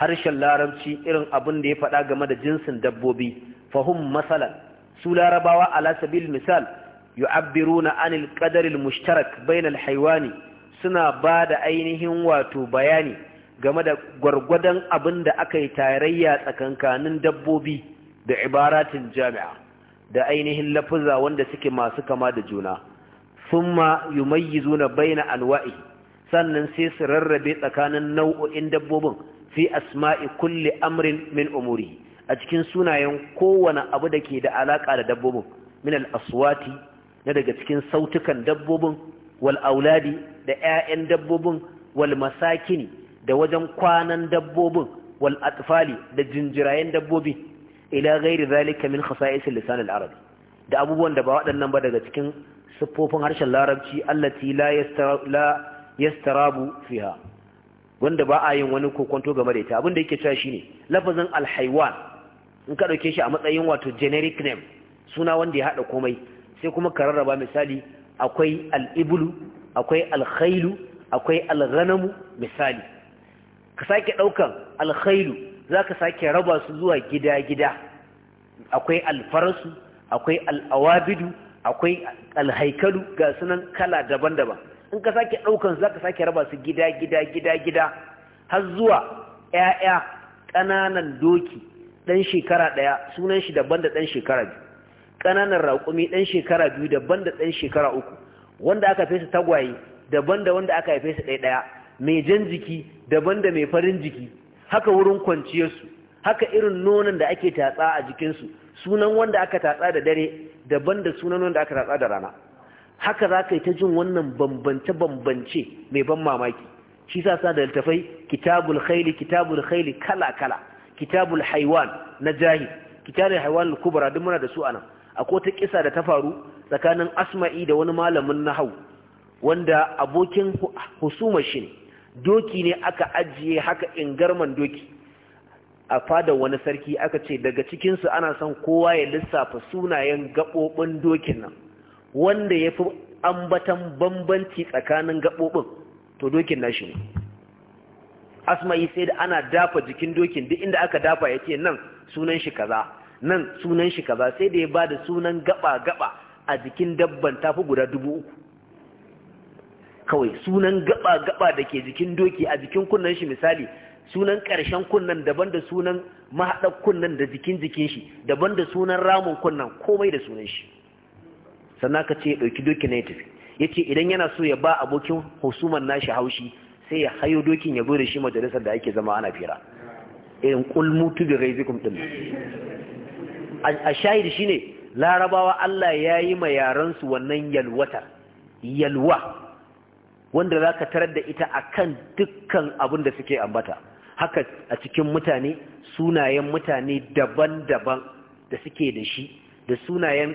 harshen larabci irin abin da ya faɗa game da jinsin dabbobi Fahim masalan su larabawa ala sabil misal yu'abbiruna anil qadar mushtarak bainal haiwani suna ba da ainihin wato bayani game da gwargwadon abin da aka yi tarayya tsakankanin dabbobi da ibaratin jami'a da ainihin lafuza wanda suke masu kama da juna thumma na baina anwa'i sannan sai su rarrabe tsakanin nau'o'in dabbobin fi asma'i kulle amrin min umuri a cikin sunayen kowane abu da ke da alaka da dabbobin min al-aswati na daga cikin sautukan dabbobin wal auladi da 'ya'yan dabbobin wal masakini da wajen kwanan dabbobin wal atfali da jinjirayen dabbobi ila ghairi zalika min khasa'is lisan al-arabi da abubuwan da ba waɗannan ba daga cikin siffofin harshen larabci allati la la yastarabu fiha wanda ba a yin wani kokwanto game da ita abin da yake cewa shine lafazin al-haywan in ka shi a matsayin wato generic name suna wanda ya haɗa komai sai kuma ka rarraba misali akwai al ibulu akwai al akwai al-ghanamu misali ka sake daukan al-khailu za ka sake raba su zuwa gida-gida akwai alfarsu akwai al'awabidu akwai alhaikalu ga sunan kala daban-daban in ka sake ɗaukan za ka sake raba su gida gida gida har zuwa ‘ya'ya ƙananan doki ɗan shekara ɗaya sunan shi daban da ɗan shekara biyu ƙananan raƙumi ɗan shekara biyu daban da ɗan shekara uku wanda aka fesa tagwaye daban da wanda aka fesa ɗaya ɗaya mai jan jiki daban da mai farin jiki haka wurin kwanciyarsu haka irin nonon da ake tatsa a jikinsu sunan wanda aka tatsa da dare daban da sunan wanda aka tatsa da rana haka za ka yi ta jin wannan bambance-bambance mai ban mamaki shi sa sa da littafai kitabul khaili kitabul khaili kala-kala kitabul haiwan na jahi kitabul haiwan kubra duk muna da su anan akwai ta kisa da ta faru tsakanin asma'i da wani malamin nahau wanda abokin husuma shi ne doki ne aka ajiye haka in Garman doki a fada wani sarki aka ce daga cikinsu ana son kowa ya lissafa sunayen gaɓoɓin dokin nan wanda ya fi ambatan bambanci tsakanin gaɓoɓin to dokin nashi ne asma'i sai da ana dafa jikin dokin duk inda aka dafa ya ce nan sunan shi kaza nan sunan shi kaza sai da ya ba da sunan gaba-gaba a jikin dabban tafi guda dubu uku kawai sunan gaba-gaba da ke jikin doki a jikin kunnen shi misali sunan ƙarshen kunnan, daban da sunan mahaɗar kunnan da jikin jikin shi daban da sunan ramin kunnan, komai da sunan shi sannan ka ce ya ɗauki doki na tafi ya ce idan yana so ya ba abokin husuman nashi haushi sai ya hayo dokin ya zo da shi majalisar da ake zama ana fira irin kulmutu da zikun ɗin a shahid ne larabawa Allah ya yi ma yaransu wannan yalwatar yalwa wanda za ka tarar da ita a kan dukkan abin da suke ambata haka a cikin mutane sunayen mutane daban-daban da suke da shi da sunayen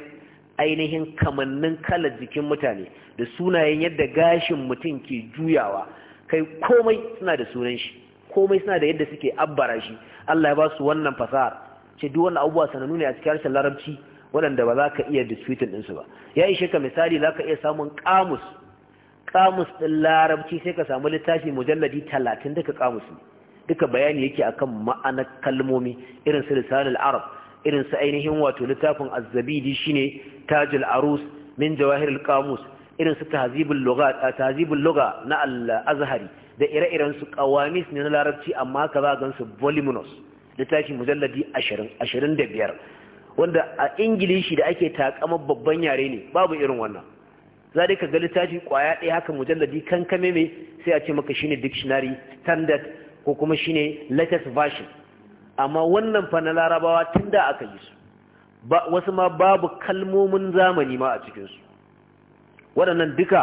ainihin kamannin kalar jikin mutane da sunayen yadda gashin mutum ke juyawa kai komai suna da sunan shi komai suna da yadda suke abbara shi Allah ya ba su wannan fasahar ce duk wannan abubuwa sanannu ne a cikin harshen larabci waɗanda ba za ka iya disputin ɗinsu ba ya ishe ka misali za ka iya samun kamus kamus ɗin larabci sai ka samu littafi mujalladi talatin duka kamus ne duka bayani yake akan ma'anar kalmomi irin su lisanul arab irin su ainihin wato littafin azzabidi shine tajul arus min al kamus irin su tahzibul lugha tahzibul lugha na al-azhari da ire-iren su qawamis ne na larabci amma ka za gan su voluminous littafi mujalladi 20 25 wanda a ingilishi da ake takama babban yare ne babu irin wannan za dai ka ga littafi kwaya ɗaya haka mujalladi kan kame mai sai a ce maka shine dictionary standard ko kuma shine latest version amma wannan fa na larabawa tun da aka yi su wasu ma babu kalmomin zamani ma a cikinsu waɗannan duka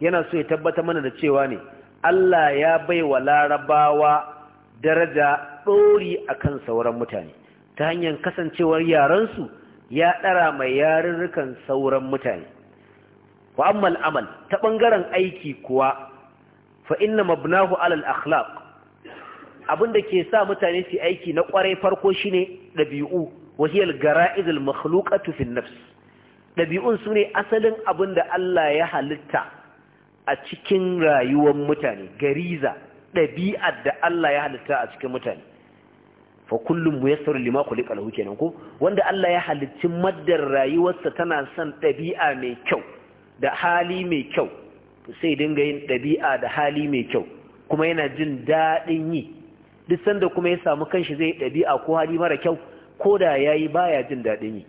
yana so ya tabbata mana da cewa ne Allah ya bai wa larabawa daraja ɗori a kan sauran mutane ta hanyar kasancewar yarensu ya ɗara mai yarurrukan sauran mutane wa ammal amal ta bangaren aiki kuwa fa inna mabnahu alal akhlaq abinda ke sa mutane su aiki na kwarai farko shine dabi'u wa hiya al gara'id al makhluqatu fi nafs dabi'un sune asalin abinda Allah ya halitta a cikin rayuwar mutane gariza dabi'ar da Allah ya halitta a cikin mutane fa kullum muyassar lima khuliqa lahu kenan ko wanda Allah ya halicci maddar rayuwarsa tana son dabi'a mai kyau da hali mai kyau sai dinga yin ɗabi'a da hali mai kyau kuma yana jin daɗin yi duk sanda kuma ya samu kanshi zai ɗabi'a ko hali mara kyau ko da ya yi baya jin daɗin yi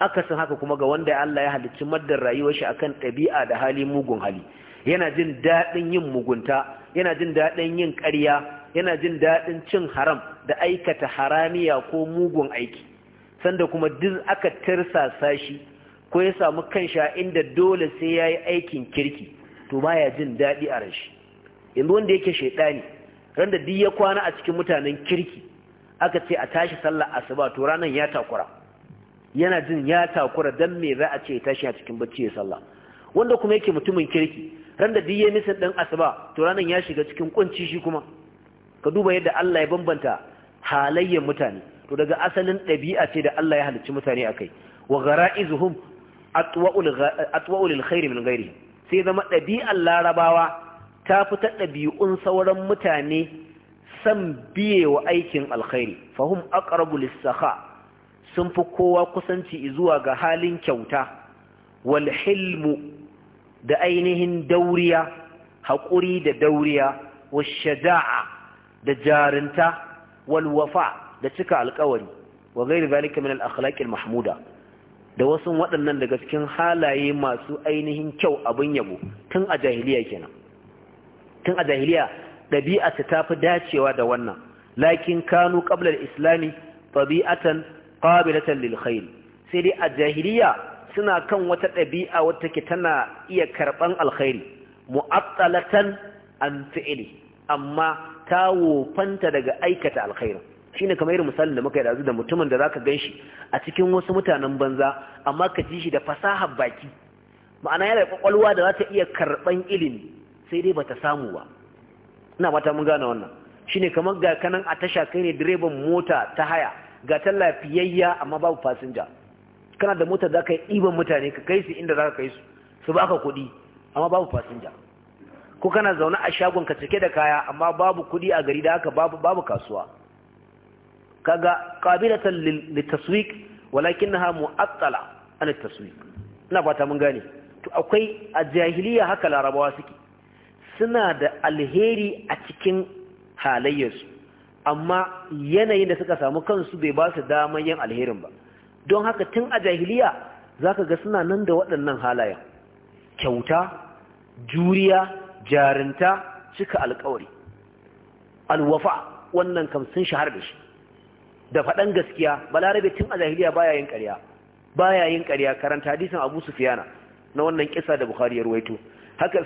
akasin haka kuma ga wanda Allah ya halicci maddar rayuwar shi akan ɗabi'a da hali mugun hali yana jin daɗin yin mugunta yana jin daɗin yin ƙarya yana jin daɗin cin haram da aikata haramiya ko mugun aiki sanda kuma duk aka tirsasa shi ko ya samu kansha inda dole sai ya yi aikin kirki to ba ya jin daɗi a rashi yanzu wanda yake shaiɗani ran da duk ya kwana a cikin mutanen kirki aka ce a tashi sallar asuba to ranar ya takura yana jin ya takura dan me za a ce ya tashi a cikin bacci ya sallah wanda kuma yake mutumin kirki ran da duk ya misa ɗan asuba to ranar ya shiga cikin kunci shi kuma ka duba yadda Allah ya bambanta halayyar mutane to daga asalin ɗabi'a ce da Allah ya halicci mutane akai wa gara'izuhum atwa'ul alkhairi min gairi sai zama ɗabi'ar larabawa ta fi ta ɗabi'un sauran mutane san biye wa aikin alkhairi fahum aqrabu lis sun fi kowa kusanci zuwa ga halin kyauta wal hilmu da ainihin dauriya haƙuri da dauriya wal shaja'a da jarinta wal wafa da cika alƙawari wa gairi zalika min al-akhlaqi al-mahmuda da wasu waɗannan daga cikin halaye masu ainihin kyau abin yabo tun a jahiliya kenan tun a jahiliya ɗabi'a ta tafi dacewa da wannan lakin kanu qabla islami tabi'atan qabilatan lil khair sai dai a jahiliya suna kan wata ɗabi'a wata ke tana iya karɓan alkhairi mu'attalatan an fi'ili amma ta wofanta daga aikata alkhairin shine kamar irin misalin da muka yi da mutumin da zaka ganshi a cikin wasu mutanen banza amma ka ji shi da fasahar baki ma'ana yana da kwakwalwa da za ta iya karɓan ilimi sai dai bata samu ba ina mata mun gane wannan shine kamar ga kanan a tasha kai ne direban mota ta haya ga ta lafiyayya amma babu fasinja kana da mota za ka yi ɗiban mutane ka kai su inda za ka kai su su baka kuɗi amma babu fasinja ko kana zaune a shagon ka cike da kaya amma babu kuɗi a gari da haka babu kasuwa kaga qabilatan litaswiq walakinaha mu'attala an taswiq ina fata mun gane to akwai a jahiliya haka larabawa suke suna da alheri a cikin halayyarsu amma yanayin da suka samu kansu bai ba su daman yin alherin ba don haka tun a jahiliya zaka ga suna nan da waɗannan halayen kyauta juriya jarinta cika alkawari alwafa wannan kam sun shahar da shi da faɗan gaskiya balarabe tun a zahiliya ba yin ƙarya ba yin ƙarya karanta hadisin abu sufiyana na wannan kisa da buhari ya ruwaito haka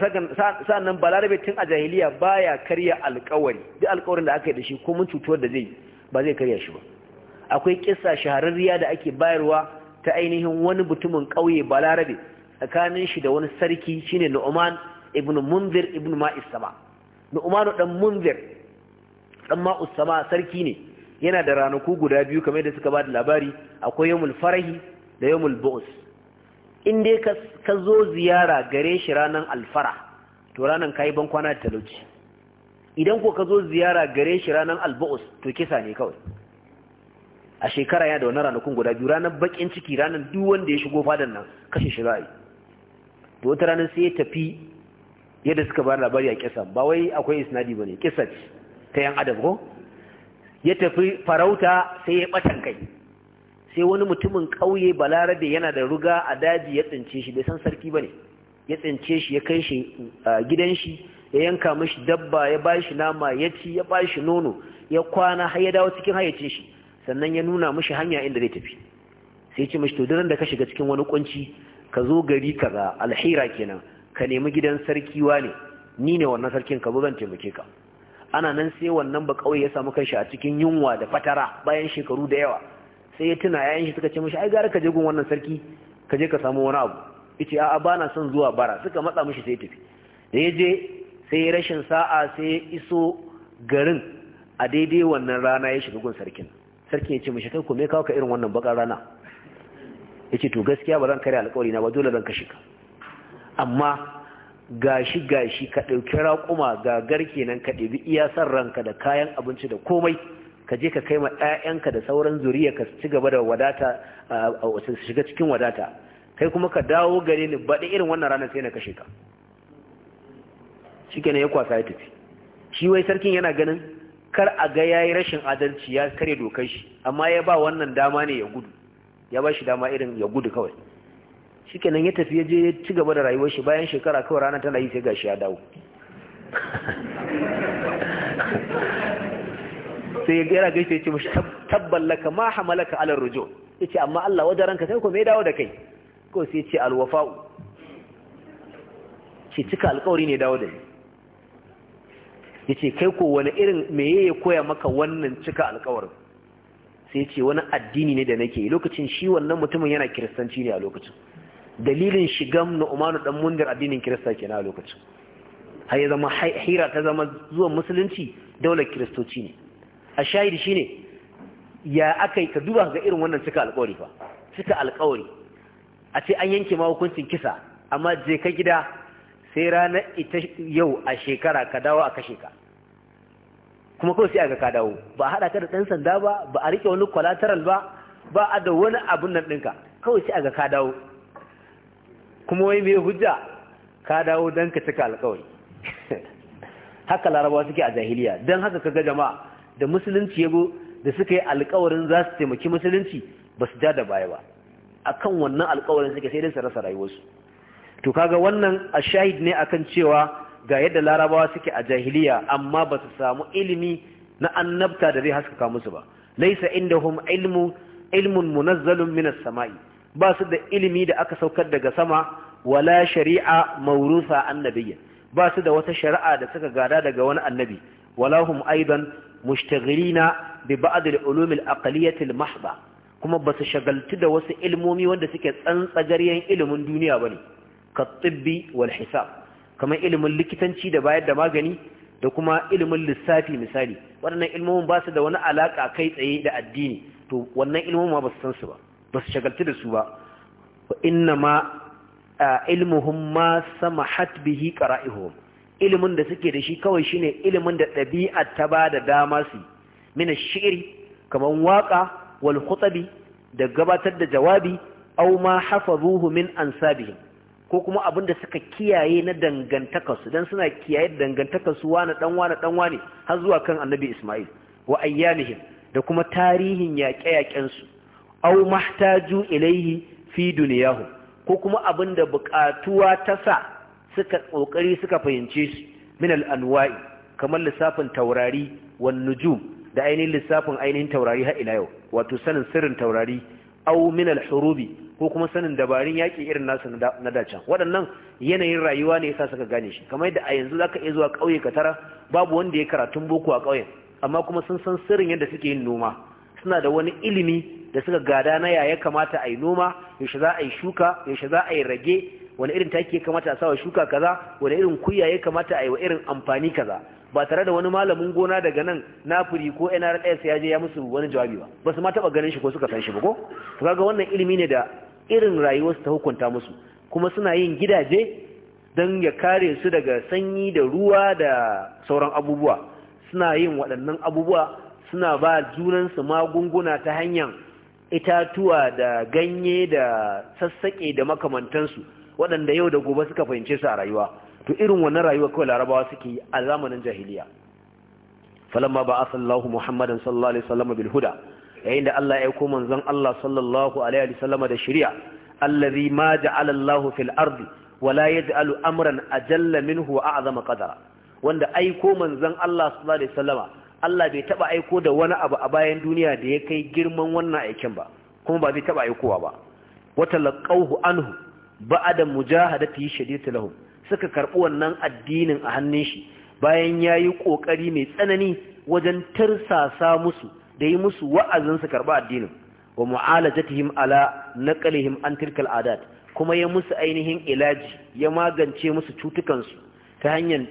sa'an nan balarabe tun a ba ya karya alkawari duk alkawarin da aka yi da shi ko mun cutuwar da zai ba zai karya shi ba akwai ƙisa shahararriya da ake bayarwa ta ainihin wani mutumin ƙauye balarabe tsakanin shi da wani sarki shine nu'man ibn munzir ibn ma'is sama nu'manu dan munzir dan ma'us sama sarki ne yana da ranaku guda biyu kamar da suka ba da labari akwai yawmul farahi da yawmul bu'us in dai ka zo ziyara gare shi ranan alfara to ranan ka ban kwana da talauci idan ko ka zo ziyara gare shi ranan albu'us to kisa ne kawai a shekara ya da wani ranakun guda biyu ranar bakin ciki ranar duk wanda ya shigo fadan nan kashe shi ra'ayi to wata ranar sai ya tafi yadda suka ba labari a kisa ba wai akwai isnadi bane kisa ta yan adam ko ya tafi farauta sai ya ɓatan kai sai wani mutumin ƙauye balarabe yana da ruga a daji ya tsince shi bai san sarki ba ne ya tsince shi ya kai shi gidan shi ya yanka mashi dabba ya ba shi nama ya ci ya ba shi nono ya kwana har ya dawo cikin hayyace shi sannan ya nuna mashi hanya inda zai tafi sai ce mashi to duk da ka shiga cikin wani kunci ka zo gari ka ga alhira kenan ka nemi gidan sarki wane ni ne wannan sarkin ka zo zan taimake ka ana nan sai wannan ba kauye ya samu kanshi a cikin yunwa da fatara bayan shekaru da yawa sai ya tuna yayin shi suka ce mishi ai gara ka je gun wannan sarki ka je ka samu wani abu yace a'a bana son zuwa bara suka matsa mishi sai tafi da ya je sai rashin sa'a sai ya iso garin a daidai wannan rana ya shiga gun sarkin sarkin ya ce mishi kai ko me kawo ka irin wannan bakar rana yace to gaskiya ba zan kare alƙawari na ba dole zan kashe ka amma gashi gashi ka ɗauki raƙuma ga garke nan ka ɗebi iya ranka da kayan abinci da komai ka je ka kai ma ɗayanka da sauran zuriya ka ci gaba da wadata su shiga cikin wadata kai kuma ka dawo gare ni baɗi irin wannan ranar sai na kashe ka shi ya kwasa ya tafi shi wai sarkin yana ganin kar a ga ya yi rashin adalci ya kare dokar shi amma ya ba wannan dama ne ya gudu ya ba shi dama irin ya gudu kawai shikenan ya tafi ya je ya ci gaba da rayuwar shi bayan shekara kawai rana tana yi sai gashi ya dawo sai ya gera gaishe ya ce mashi tabballaka ma hamalaka alar rujo ya ce amma Allah wajen ranka sai ko ya dawo da kai ko sai ce alwafa'u ce cika alkawari ne dawo da ni ya ce kai ko wani irin meye ya koya maka wannan cika alkawarin sai ce wani addini ne da nake lokacin shi wannan mutumin yana kiristanci ne a lokacin dalilin shigan nu'manu dan mundir addinin kirista ke na lokacin har ya zama hira ta zama zuwan musulunci daular kiristoci ne a shahidi shine ya aka yi ka duba ga irin wannan cika alkawari fa cika alkawari a ce an yanke ma hukuncin kisa amma je ka gida sai rana ita yau a shekara ka dawo a kashe ka kuma kawai sai aka ka dawo ba a haɗa ka da ɗan sanda ba ba a riƙe wani kwalataral ba ba a da wani abin nan ɗinka kawai sai aga ka dawo kuma wai mai hujja ka dawo don ka cika alkawari haka larabawa suke a jahiliya don haka kaga jama'a da musulunci yago da suka yi alkawarin za su taimaki musulunci ba su ja da baya ba A kan wannan alkawarin suke sai dai su rasa rayuwarsu to kaga wannan a shahid ne akan cewa ga yadda larabawa suke a jahiliya amma ba su samu ilimi na annabta da zai haskaka musu ba laisa indahum ilmu ilmun munazzalun minas sama'i ba su da ilimi da aka saukar daga sama wala shari'a maurusa annabiyya ba su da wata shari'a da suka gada daga wani annabi wala hum aidan mushtaghilina bi ba'd al-ulum al-aqliyyah al-mahdha kuma ba su shagaltu da wasu ilmomi wanda suke tsantsagaryen ilimin duniya bane ka tibbi wal hisab kamar ilimin likitanci da bayar da magani da kuma ilimin lissafi misali waɗannan ilmomin ba su da wani alaka kai tsaye da addini to wannan ilmomin ma ba su san su ba ba su shagaltu da su ba wa inna ma ilmuhum ma samahat bihi qara'ihum ilimin da suke da shi kawai shine ilimin da ɗabi'a ta ba da dama su min shi'ri kaman waƙa, wal khutabi da gabatar da jawabi aw ma hafazuhu min ansabihim ko kuma abin da suka kiyaye na dangantakarsu dan suna kiyaye dangantakarsu wani dan wani dan wani har zuwa kan annabi Ismail wa ayyamihim da kuma tarihin yaƙe-yaƙensu au mahtaju ilaihi fi duniyahu ko kuma abin da bukatuwa ta sa suka kokari suka fahimce shi min al'anwa'i kamar lissafin taurari wan nujum da ainihin lissafin ainihin taurari har ila yau wato sanin sirrin taurari au min al-hurubi ko kuma sanin dabarun yaƙi irin nasu na dacan waɗannan yanayin rayuwa ne yasa suka gane shi kamar yadda a yanzu zaka iya zuwa ƙauye ka tara babu wanda ya karatun boko a ƙauyen amma kuma sun san sirrin yadda suke yin noma suna da wani ilimi da suka gada na yaya kamata a yi noma yaushe za a yi shuka yaushe za a yi rage wani irin taki ya kamata a sawa shuka kaza wani irin kuya ya kamata a yi wa irin amfani kaza ba tare da wani malamin gona daga nan na firi ko nrs ya je ya musu wani jawabi ba ba su ma taba ganin shi ko suka san shi ba ko to kaga wannan ilimi ne da irin rayuwarsu ta hukunta musu kuma suna yin gidaje don ya kare su daga sanyi da ruwa da sauran abubuwa suna yin waɗannan abubuwa suna ba junansu magunguna ta hanyar itatuwa da ganye da sassaƙe da makamantansu waɗanda yau da gobe suka fahimce su a rayuwa to irin wannan rayuwa kawai larabawa suke yi a zamanin jahiliya falamma ba asallahu muhammadan sallallahu alaihi wasallam bil huda yayin da Allah ya aiko manzon Allah sallallahu alaihi wasallam da shari'a allazi ma ja'ala Allah fil ardi wala yaj'alu amran ajalla minhu wa a'zama qadara wanda aiko manzon Allah sallallahu alaihi wasallama Allah bai taba aiko da wani abu a bayan duniya da ya kai girman wannan aikin ba kuma ba zai taba aikowa ba wata laqawhu anhu ba'da mujahadati shadidatu lahum suka karbi wannan addinin a hannun shi bayan yayi kokari mai tsanani wajen tarsasa musu da yi musu wa'azin su karba addinin wa mu'alajatihim ala naqlihim an tilkal adat kuma ya musu ainihin ilaji ya magance musu cutukansu ta hanyar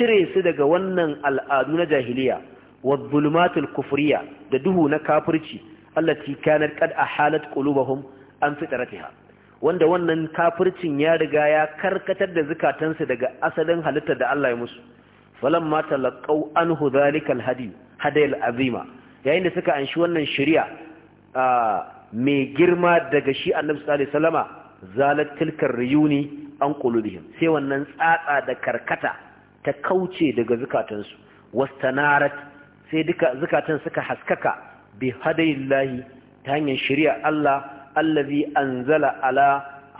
cire su daga wannan al'adu na jahiliya wadhulumatul kufriya da duhu na kafirci allati kanat qad ahalat qulubahum an fitratiha wanda wannan kafircin ya riga ya karkatar da zukatansu daga asalin halitta da Allah ya musu falamma talaqaw anhu zalikal hadi hadayal azima yayin da suka anshi wannan shari'a mai girma daga shi annabi sallallahu alaihi wasallama zalat tilkar riyuni an qulubihim sai wannan tsatsa da karkata ta kauce daga zukatansu wastanarat sai duka zukatan suka haskaka bi hadayillahi ta hanyar shari'a Allah allazi anzala ala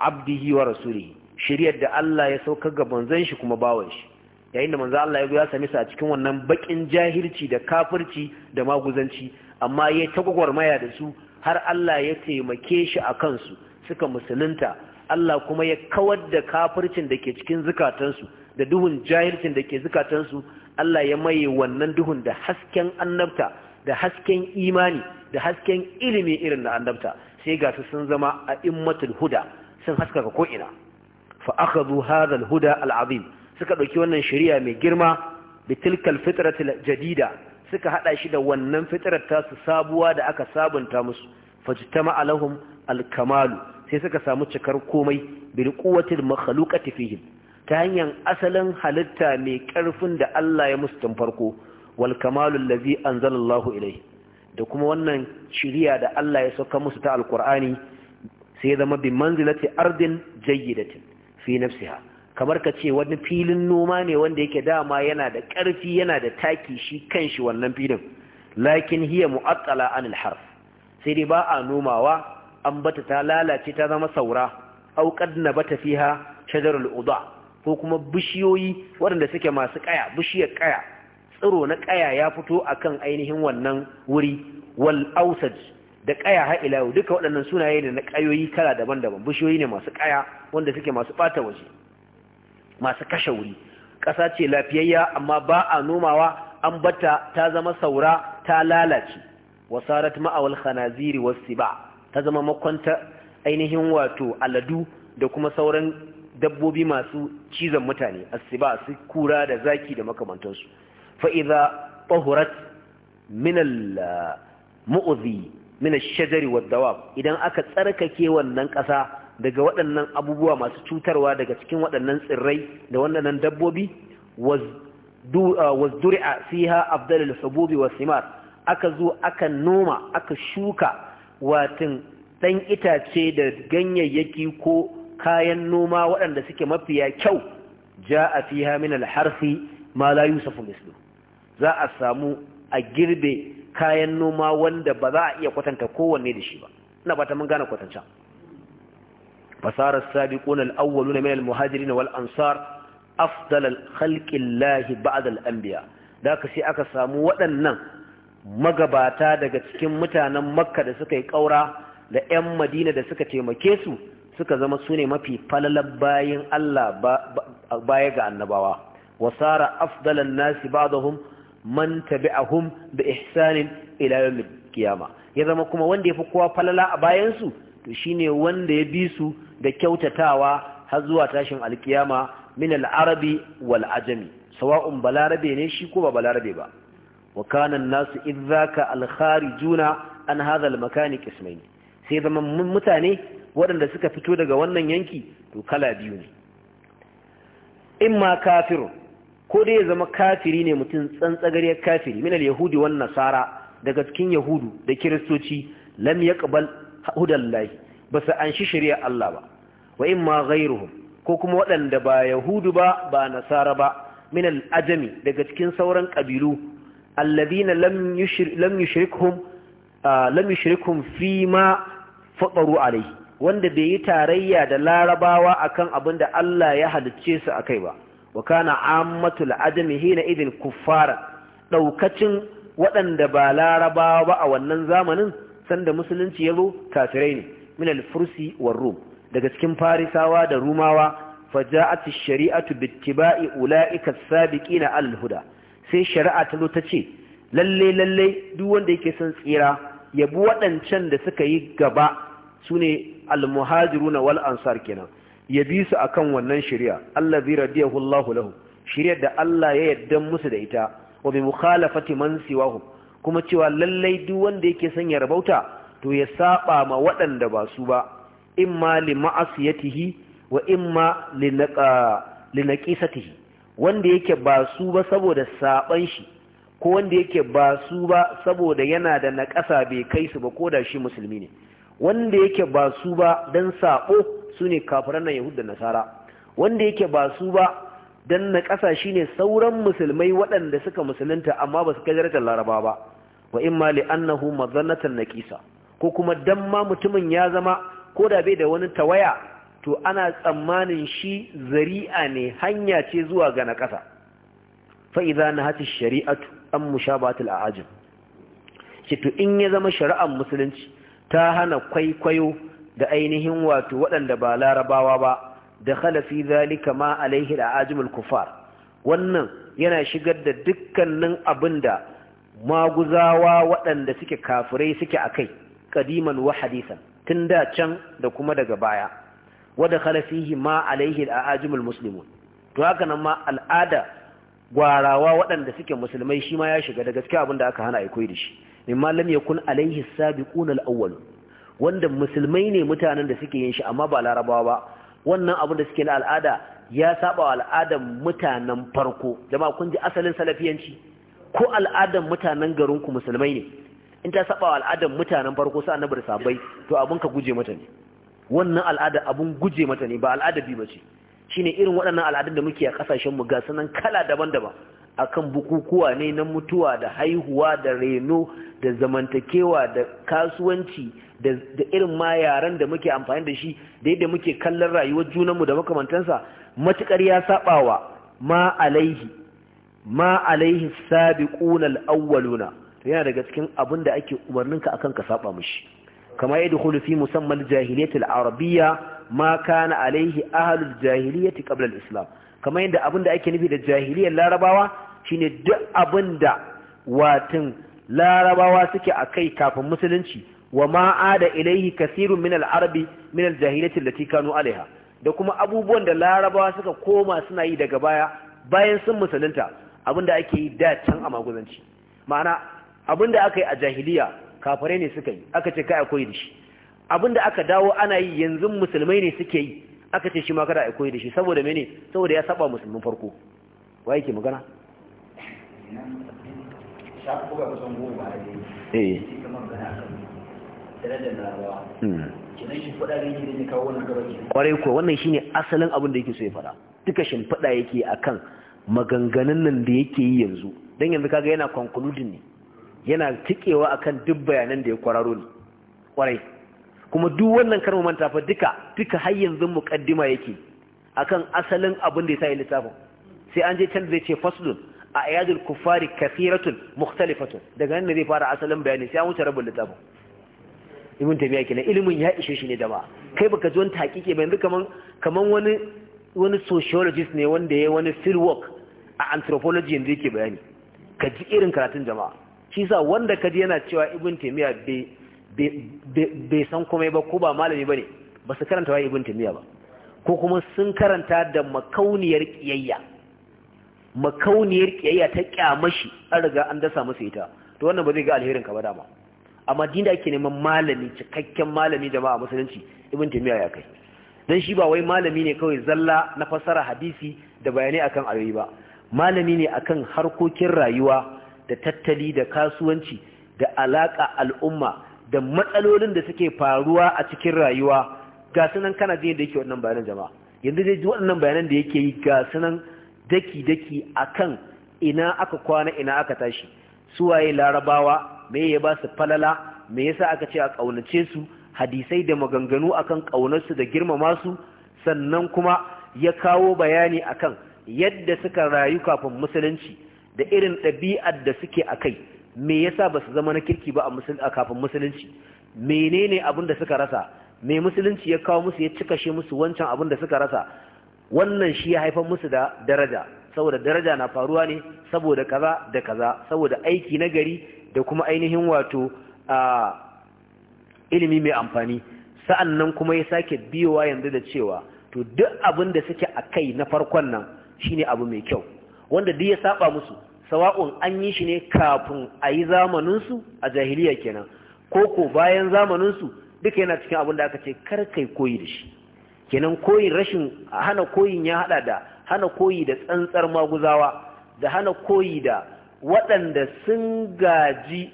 abdihi wa rasulihi shari'ar da Allah ya sauka ga banzan shi kuma bawan shi yayin da manzo Allah ya zo ya same su a cikin wannan bakin jahilci da kafirci da maguzanci amma ya maya da su har Allah ya taimake shi a kansu suka musulunta Allah kuma ya kawar da kafircin da ke cikin zukatansu da duhun jahilcin da ke zukatansu Allah ya maye wannan duhun da hasken annabta da hasken imani da hasken ilimi irin na annabta sai ga su sun zama a immatul huda sun haskaka ko'ina fa akhadhu hadha al-huda al suka dauki wannan shari'a mai girma bi fitrat al jadida suka hada shi da wannan fitrar ta su sabuwa da aka sabunta musu fajtama lahum Alkamalu, sai suka samu cikar komai bil quwwatil makhluqati fihim ta hanyar asalin halitta mai ƙarfin da Allah ya musu tun farko wal kamalul ladzi anzalallahu ilai da kuma wannan shiriya da Allah ya sauka musu ta alqur'ani sai zama bi manzilati ardin jayyidatin fi nafsiha kamar ka ce wani filin noma ne wanda yake dama yana da ƙarfi yana da taki shi kanshi wannan filin lakin hiya mu'attala anil harf sai dai ba a nomawa an bata ta lalace ta zama saura aw qad nabata fiha shajarul uda ko kuma bishiyoyi waɗanda suke masu kaya bishiyar kaya tsiro na kaya ya fito a kan ainihin wannan wuri wal ausaj da kaya har ila duka waɗannan sunaye ne na kayoyi kala daban-daban bishiyoyi ne masu kaya wanda suke masu ɓata waje masu kashe wuri ƙasa ce lafiyayya amma ba a nomawa an bata ta zama saura ta lalace wasarat ma'awal khanaziri ba ta zama makwanta ainihin wato aladu da kuma sauran dabbobi masu cizon mutane asibasu su kura da zaki da makamantansu fa'iza idza minal min minal shajari idan aka tsarkake wannan ƙasa daga waɗannan abubuwa masu cutarwa daga cikin waɗannan tsirrai da waɗannan dabbobi wazduri'a ah, siha afdalul hububi was-simar aka zo aka noma aka shuka watin ɗan itace da ganyayyaki ko kayan noma waɗanda suke mafiya kyau ja a fi min alharfi ma la yusufu mislu za a samu a girbe kayan noma wanda ba za a iya kwatanta kowanne da shi ba ina ba ta mun gane kwatanta fasarar sabiqun al-awwaluna min al-muhajirin wal ansar afdal al-khalqi ba'd al-anbiya da ka sai aka samu waɗannan magabata daga cikin mutanen Makka da suka yi kaura da 'yan Madina da suka taimake su suka zama su ne mafi falalar bayan Allah baya ga annabawa wasara afdalan nasi ba'dahum man tabi'ahum da ihsanin ila yawmil ya zama kuma wanda ya fi kowa falala a bayansu, to shine wanda ya bi su da kyautatawa har zuwa tashin alkiyama min al-arabi wal ajami sawa'un balarabe ne shi ko ba balarabe ba wa kana nasu idh alkhari juna kharijuna an hadha al-makani qismayn sai zama mutane waɗanda suka fito daga wannan yanki to kala biyu ne in ma kafirun ko dai ya zama kafiri ne mutum tsantsagariyar kafiri minal yahudi wan nasara daga cikin yahudu da kiristoci lam yaqbal hudallahi ba su anshi shari'ar Allah ba wa in ma ghairuhum ko kuma waɗanda ba yahudu ba ba nasara ba minal ajami daga cikin sauran kabilu alladhina lam yushrikhum lam yushrikhum ah, fi ma faqaru wanda bai yi tarayya da larabawa akan abin da Allah ya halicce su a kai ba wa kana ammatul ajami hina idin kuffara ɗaukacin waɗanda ba larabawa ba a wannan zamanin sanda musulunci ya zo kafirai ne min al-fursi war rum daga cikin farisawa da rumawa faja'at ash-shari'atu bittiba'i ulaika as-sabiqina al-huda sai shari'a ta zo ta ce lalle lalle duk wanda yake son tsira yabi waɗancan da suka yi gaba sune almuhajiruna wal ansar kenan ya bi su akan wannan shari'a allazi radiyahu Allahu lahu Shiryar da Allah ya yarda musu da ita wa bi mukhalafati man siwahu kuma cewa lallai duk wanda yake son ya rabauta to ya saba ma waɗanda ba su ba imma li ma'asiyatihi wa imma li linaqisatihi wanda yake ba su ba saboda saban shi ko wanda yake ba su ba saboda yana da naƙasa bai kai su ba ko da shi musulmi ne wanda yake ba su ba don sabo ne kafiran nan yahud da nasara wanda yake ba su ba don na ƙasa shine sauran musulmai waɗanda suka musulunta amma ba su kai da laraba ba wa ma li'annahu annahu na ƙisa ko kuma don ma mutumin ya zama ko da bai da wani tawaya to ana tsammanin shi zari'a ne hanya ce zuwa ga na ƙasa na na hati shari'atu an mushabatul a'ajin shi to in ya zama shari'ar musulunci ta hana kwaikwayo da ainihin wato waɗanda ba larabawa ba da khalafi zalika ma alaihi ajimul kufar wannan yana shigar da dukkanin abin da maguzawa waɗanda suke kafirai suke a kai ƙadiman wa hadisan tun da can da kuma daga baya wadda khalafihi ma alaihi ajimul muslimun to haka nan ma al'ada gwarawa waɗanda suke musulmai shi ma ya shiga da gaske abin da aka hana aiko da shi mimma lam yakun alaihi sabiqun al-awwal wanda musulmai ne mutanen da suke yin shi amma ba larabawa ba wannan abu da suke na al'ada ya saba wa al'adan mutanen farko jama'a kun ji asalin salafiyanci ko al'adan mutanen garin ku musulmai ne in ta saba wa al'adan mutanen farko sai annabi da sabai to abun ka guje mata ne wannan al'ada abun guje mata ne ba al'ada bi bace shine irin waɗannan al'adun da muke a kasashen mu ga sanan kala daban-daban akan bukukuwa ne na mutuwa da haihuwa da reno da zamantakewa da kasuwanci da irin ma yaran da muke amfani da shi da yadda muke kallon rayuwar junanmu da makamantansa matukar ya saɓawa ma alaihi ma alaihi al-awwaluna yana daga cikin abin da ake ka akan ka saba mushi kama yadkhulu fi musamman jahiliyyati al-arabiyya ma kana alaihi ahlul jahiliyyati qabla al-islam kama yadda abin da ake nufi da jahiliyyar larabawa shine duk abin da larabawa suke a kai kafin musulunci wa da ilaihi kasirun min al-arabi min al da allati kanu alaiha da kuma abubuwan da larabawa suka koma suna yi daga baya bayan sun musulunta abinda ake yi da can a maguzanci ma'ana abinda aka yi a jahiliya kafare ne suka yi aka ce kai akwai da shi abinda aka dawo ana yi yanzu musulmai ne suke yi aka ce shi ma kada akwai da shi saboda mene saboda ya saba musulmin farko wa yake magana shafuka eh. kusan goma da kwarai kuwa wannan shine asalin abin da yake so ya fara duka shimfiɗa yake akan maganganun nan da yake yi yanzu don yanzu kaga yana concluding ne yana tikewa akan duk bayanan da ya kwararo ne kwarai kuma duk wannan karmu manta fa duka duka har yanzu muqaddima yake akan asalin abin da ya sa littafin sai an je can zai ce faslun a ayyadul kufari kafiratun mukhtalifatun daga nan zai fara asalin bayani sai an wuce rabin littafin ibn tabiya kenan ilimin ya ishe shi ne da ba kai baka ji wani hakike ba yanzu kaman kaman wani wani sociologist ne wanda ya wani field work a anthropology yanzu yake bayani ka ji irin karatun jama'a shi sa wanda ka ji yana cewa ibn tabiya bai san komai ba ko ba malami bane ba su karanta wa ibn tabiya ba ko kuma sun karanta da makauniyar kiyayya makauniyar kiyayya ta kyamashi an riga an dasa masa ita to wannan ba zai ga alherin ka ba dama amma dinda ake neman malami cikakken malami jama'a musulunci ibn taymiya ya kai dan shi ba wai malami ne kawai zalla na fassara hadisi da bayanai akan ayoyi ba malami ne akan harkokin rayuwa da tattali da kasuwanci da alaka al'umma da matsalolin da suke faruwa a cikin rayuwa ga sunan kana jin da yake wannan bayanan jama'a yanzu dai waɗannan bayanan da yake yi ga sunan daki-daki akan ina aka kwana ina aka tashi Su waye larabawa me ya ba su falala me yasa aka ce a ƙaunace su hadisai da maganganu akan ƙaunarsu da girmama su sannan kuma ya kawo bayani akan yadda suka rayu kafin musulunci da irin ɗabi'ar da suke a kai me yasa ba su zama na kirki ba a kafin musulunci menene abin da suka rasa me musulunci ya kawo musu ya cika shi musu wancan abin da suka rasa wannan shi ya haifar musu da daraja saboda daraja na faruwa ne saboda kaza da kaza saboda aiki na gari da kuma ainihin wato a ilimi mai amfani sa'annan kuma ya sake biyowa yanzu da cewa to duk abin da suke a kai na farkon nan shine abu mai kyau wanda duk ya saba musu sawa'un an yi shi ne kafin a yi zamaninsu a jahiliya kenan ko ko bayan zamaninsu duka yana cikin abin da aka ce kar kai koyi da shi kenan koyin rashin hana koyin ya hada da hana koyi da tsantsar maguzawa da hana koyi da waɗanda sun gaji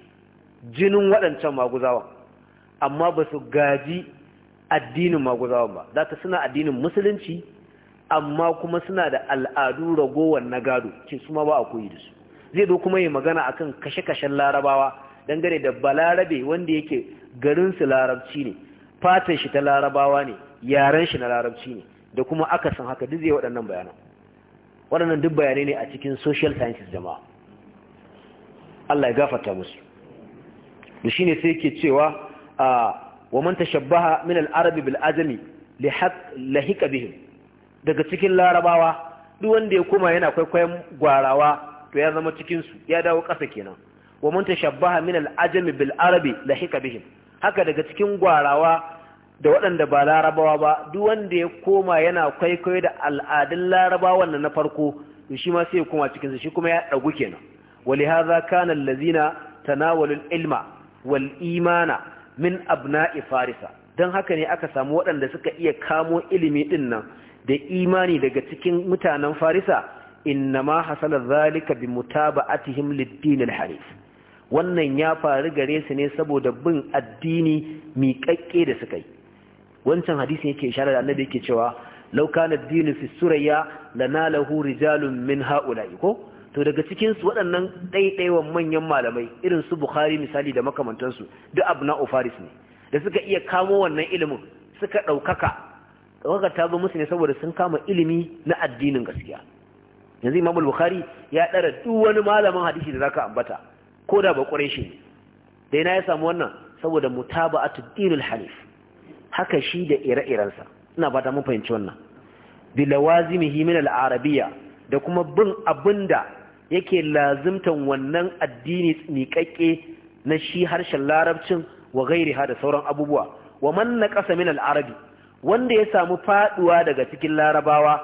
jinin waɗancan maguzawan amma ba su gaji addinin maguzawan ba za ka suna addinin musulunci amma kuma suna da al'adu ragowar na gado ce su ma ba a koyi da su zai zo kuma yi magana akan kashe-kashen larabawa dangane da balarabe wanda yake garinsu larabci ne fatan shi ta larabawa ne yaren shi na larabci ne da kuma aka san haka duk zai waɗannan bayanan waɗannan duk bayanai ne a cikin social sciences jama'a Allah ya gafarta musu da shine sai yake cewa wa man tashabbaha min al arab bil ajami lahika bihim daga cikin larabawa duk wanda ya koma yana kwaikwayon gwarawa to ya zama cikin su ya dawo ƙasa kenan wa man tashabbaha min al-ajami bil arabi lahika bihim haka daga cikin gwarawa da waɗanda ba larabawa ba duk wanda ya koma yana kwaikwayo da al'adun larabawan na farko to shi ma sai ya koma cikinsa shi kuma ya ɗagu kenan wali haza kana allazina tanawalul ilma wal imana min abna'i farisa don haka ne aka samu waɗanda suka iya kamo ilimi ɗinnan da imani daga cikin mutanen farisa innama hasala zalika bi mutaba'atihim lid-din al-hanif wannan ya faru gare su ne saboda bin addini miƙaƙƙe da suka yi wancan hadisi yake isharar da annabi yake cewa law kana ad-din fi suraya lanalahu rijalun min ha'ula'i ko to daga cikin su waɗannan ɗaiɗaiwan manyan malamai irin su Bukhari misali da makamantansu duk abna ufaris ne da suka iya kamo wannan ilimin suka ɗaukaka ɗaukaka ta zo musu ne saboda sun kama ilimi na addinin gaskiya yanzu Imam Bukhari ya ɗara duk wani malamin hadisi da zaka ambata ko da ba quraishi shi ne dai na ya samu wannan saboda mutaba'atu dinul hanif haka shi da ire-irensa ina fata mun fahimci wannan bi lawazimihi min al-arabiyya da kuma bin abin abinda yake lazimtan wannan addini tsiniƙaƙƙe na shi harshen larabcin wa gairiha da sauran abubuwa wa man ƙasa min al-arabi wanda ya samu faɗuwa daga cikin larabawa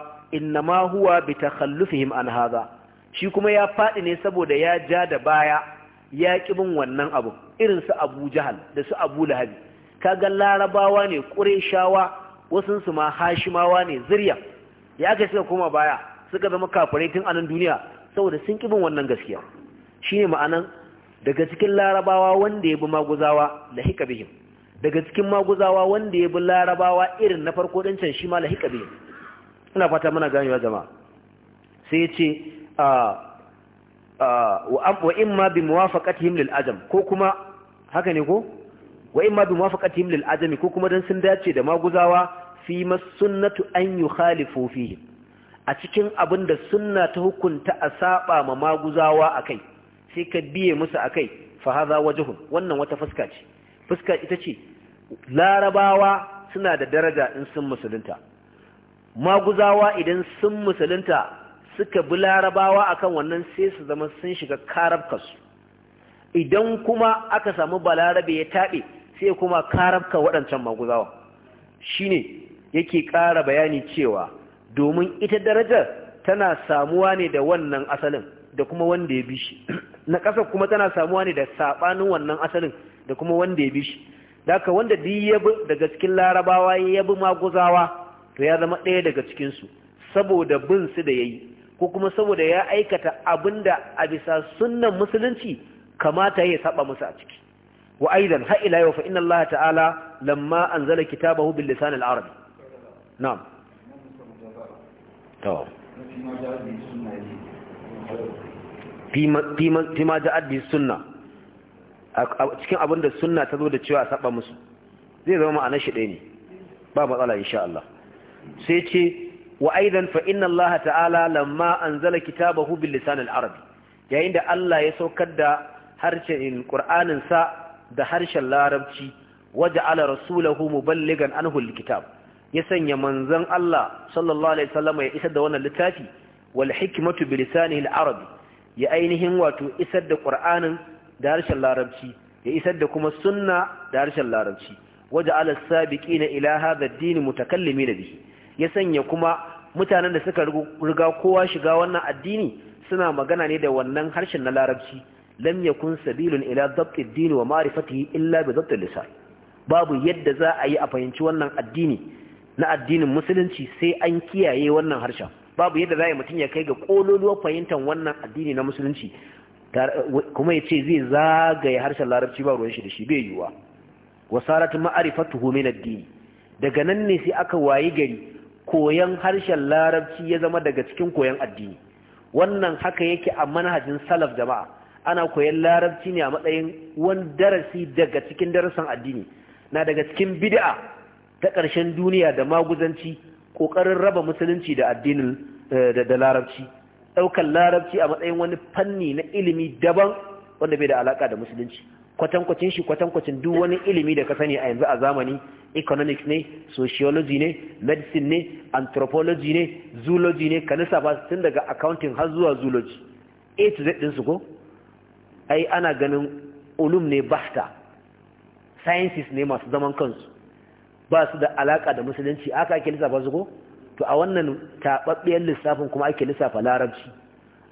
ma huwa bi takhallufihim an hadha shi kuma ya faɗi ne saboda ya ja da baya ya kibin wannan abu irin su Abu Jahal da su Abu lahabi kaga larabawa ne ƙureshawa su ma hashimawa ne zirya ya aka suka koma baya suka zama kafirai tun anan duniya saboda sun ƙi wannan gaskiya shine ma'anan daga cikin larabawa wanda ya bi maguzawa bihim daga cikin maguzawa wanda ya larabawa irin na farko din can shi ma lahika bihim ina fata muna ganewa jama'a sai ya ce ah, ah, wa imma bi muwafaqatihim lil ajam ko kuma haka ne ko wa ma bi muwafaqatihim lil ajami ko kuma dan sun dace da maguzawa fi masunnatu an yukhalifu fihi a cikin abin da sunna ta hukunta a saba ma maguzawa akai sai ka biye musu akai fa hadha wajhun wannan wata fuska ce fuska ita ce larabawa suna da daraja in sun musulunta maguzawa idan sun musulunta suka bi larabawa akan wannan sai su zama sun shiga karabkasu idan kuma aka samu balarabe ya taɓe sai kuma karabka waɗancan maguzawa shine yake ƙara bayani cewa domin ita darajar tana samuwa ne da wannan asalin da kuma wanda ya bi shi na ƙasa kuma tana samuwa ne da saɓanin wannan asalin da kuma wanda ya bi shi daga wanda duk ya bi daga cikin larabawa ya bi maguzawa to ya zama ɗaya daga cikinsu saboda bin su da ya yi ko kuma saboda ya aikata abin da a bisa sunnan musulunci kamata ya saba musu a ciki wa aidan ha ila yau fa inna Allah ta'ala lamma anzala kitabahu bil lisan al arabi na'am to fi ma ja'ad bi sunna cikin abinda sunna ta zo da cewa saba musu zai zama ma'anar shi ɗaya ne ba matsala insha Allah sai ce wa aidan fa inna Allah ta'ala lamma anzala kitabahu bil lisan al arabi yayin da Allah ya saukar da harshen Qur'anin sa da harshen larabci waje ala rasulahu muballigan anhu alkitab ya sanya manzon Allah sallallahu alaihi wasallam ya isar da wannan littafi wal hikmatu bi lisanihi al-arabi ya ainihin wato isar da qur'anin da harshen larabci ya isar da kuma sunna da harshen larabci waje ala sabiqina ila hadha ad-din mutakallimin bihi ya sanya kuma mutanen da suka riga kowa shiga wannan addini suna magana ne da wannan harshen na larabci lam yakun sabilun ila dhabt ad-din wa ma'rifatihi illa bi dhabt al-lisan babu yadda za a yi a fahimci wannan addini na addinin musulunci sai an kiyaye wannan harshen babu yadda za a yi mutum ya kai ga kololuwar fahimtar wannan addini na musulunci kuma ya ce zai zagaye harshen larabci ba ruwan shi da shi bai yiwuwa wasarat ma'rifatuhu min ad-din daga nan ne sai aka wayi gari koyan harshen larabci ya zama daga cikin koyan addini wannan haka yake a manhajin salaf jama'a ana koyan larabci ne a matsayin wani darasi daga cikin darasan addini na daga cikin bid'a ta ƙarshen duniya da maguzanci ƙoƙarin raba musulunci da addinin eh, da larabci ɗaukar larabci a matsayin wani fanni na ilimi daban wanda bai da alaƙa da musulunci kwatankwacin shi kwatankwacin duk wani ilimi da ka sani a yanzu a zamani economics ne sociology ne medicine ne anthropology ne zoology ne ka ba tun daga accounting har zuwa zoology a to z ɗinsu ko ai ana ganin ulum ne bahta sciences ne masu zaman kansu ba su da alaka da musulunci aka ake lissafa su ko to a wannan taɓaɓɓiyar lissafin kuma ake lissafa larabci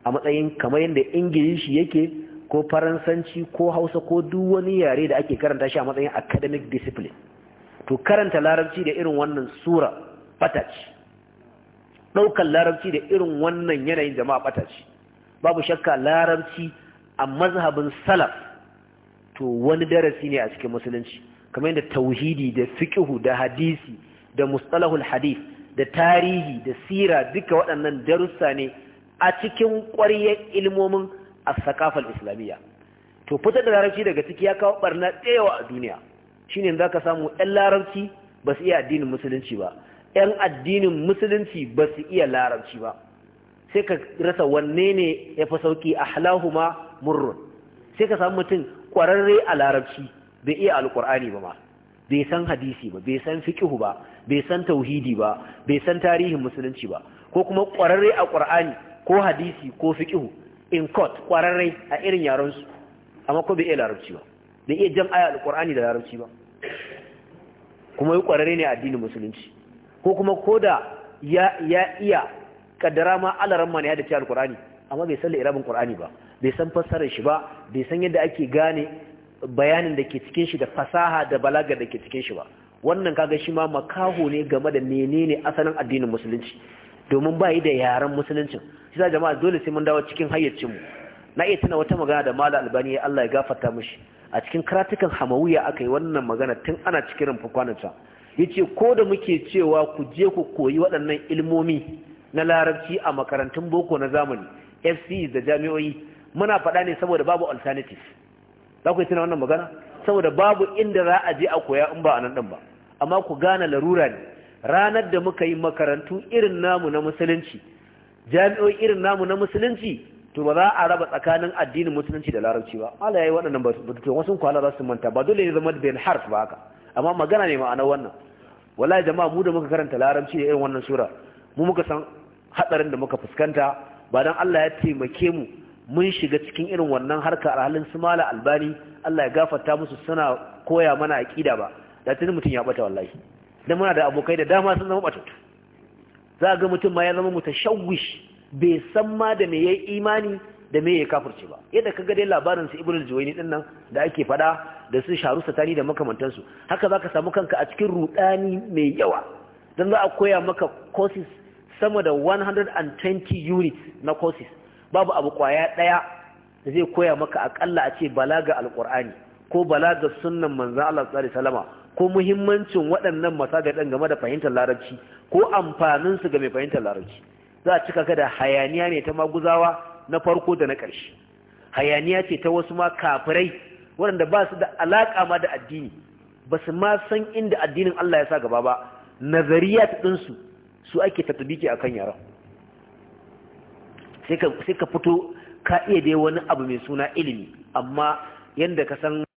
a matsayin kamar yadda ingilishi yake ko faransanci ko hausa ko duk wani yare da ake karanta shi a matsayin academic discipline to karanta larabci da irin wannan sura patach ɗaukar larabci da irin wannan yanayin jama'a patach babu shakka larabci a mazhabin salaf to wani darasi ne a cikin musulunci kamar yadda tauhidi da fiqhu da hadisi da mustalahul hadith da tarihi da sira duka waɗannan darussa ne a cikin ƙwaryar ilmomin a sakafar islamiyya to fitar da larabci daga ciki ya kawo barna tsayawa a duniya shine za ka samu 'yan larabci ba su iya addinin musulunci ba 'yan addinin musulunci ba su iya larabci ba sai ka rasa wanne ne ya fi sauki a halahuma murrun sai ka samu mutum kwararre a larabci bai iya alkur'ani ba ma bai san hadisi ba bai san fiqhu ba bai san tauhidi ba bai san tarihin musulunci ba ko kuma kwararre a qur'ani ko hadisi ko fiqhu in court kwararre a irin yaron su amma ko bai iya larabci ba bai iya jan aya alkur'ani da larabci ba kuma yi kwararre ne addinin musulunci ko kuma koda ya ya iya kaddara ma alaran ma ne ya da ci alkur'ani amma bai san irabin qur'ani ba bai san fassarar shi ba bai san yadda ake gane bayanin da ke cikin shi da fasaha da balaga da ke cikin shi ba wannan kaga shi ma makaho ne game da menene asalin addinin musulunci domin ba yi da yaren musuluncin shi za jama'a dole sai mun dawo cikin hayyacin mu na iya tuna wata magana da mala albani ya Allah ya gafarta mishi a cikin karatukan hamawiya aka yi wannan magana tun ana cikin rumfa kwanata yace ko da muke cewa ku je ku koyi waɗannan ilmomi na larabci a makarantun boko na zamani fc da jami'oi muna faɗa ne saboda babu alternative za ku yi tuna wannan magana saboda babu inda za a je a koya in ba a nan ɗin ba amma ku gane larura ne ranar da muka yi makarantu irin namu na musulunci jami'o'i irin namu na musulunci to ba za a raba tsakanin addinin musulunci da larabci ba Allah ya yi waɗannan batutuwan wasu kwala za su manta ba dole ne zama da bin harf ba haka amma magana ne ma'anar wannan wallahi jama'a mu da muka karanta larabci da irin wannan sura mu muka san hatsarin da muka fuskanta ba dan Allah ya taimake mu mun shiga cikin irin wannan harka halin su mala albani Allah ya gafarta musu suna koya mana aqida ba da tun mutum ya bata wallahi dan muna da abokai da dama sun zama batutu, za ga mutum ma ya zama shawish bai san ma da me yayi imani da me ya kafurce ba yadda ka ga dai labarin su ibnu juwayni din nan da ake fada da su sharu satani da makamantansu haka zaka samu kanka a cikin rudani mai yawa dan za a koya maka courses sama da 120 units na courses babu abu kwaya ɗaya da zai koya maka akalla a ce bala ga Alƙur'ani, ko bala ga sunnan manzo Allah tsari salama ko muhimmancin waɗannan masajar ɗin game da fahimtar larabci ko amfaninsu ga mai fahimtar larabci za a cika ka da hayaniya ne ta maguzawa na farko da na ƙarshe hayaniya ce ta wasu ma kafirai waɗanda ba su da alaƙa ma da addini ba su ma san inda addinin Allah ya sa gaba ba nazariyat ɗinsu su ake tattabiki a kan yaran sai ka fito ka iya dai wani abu mai suna ilimi amma yadda ka san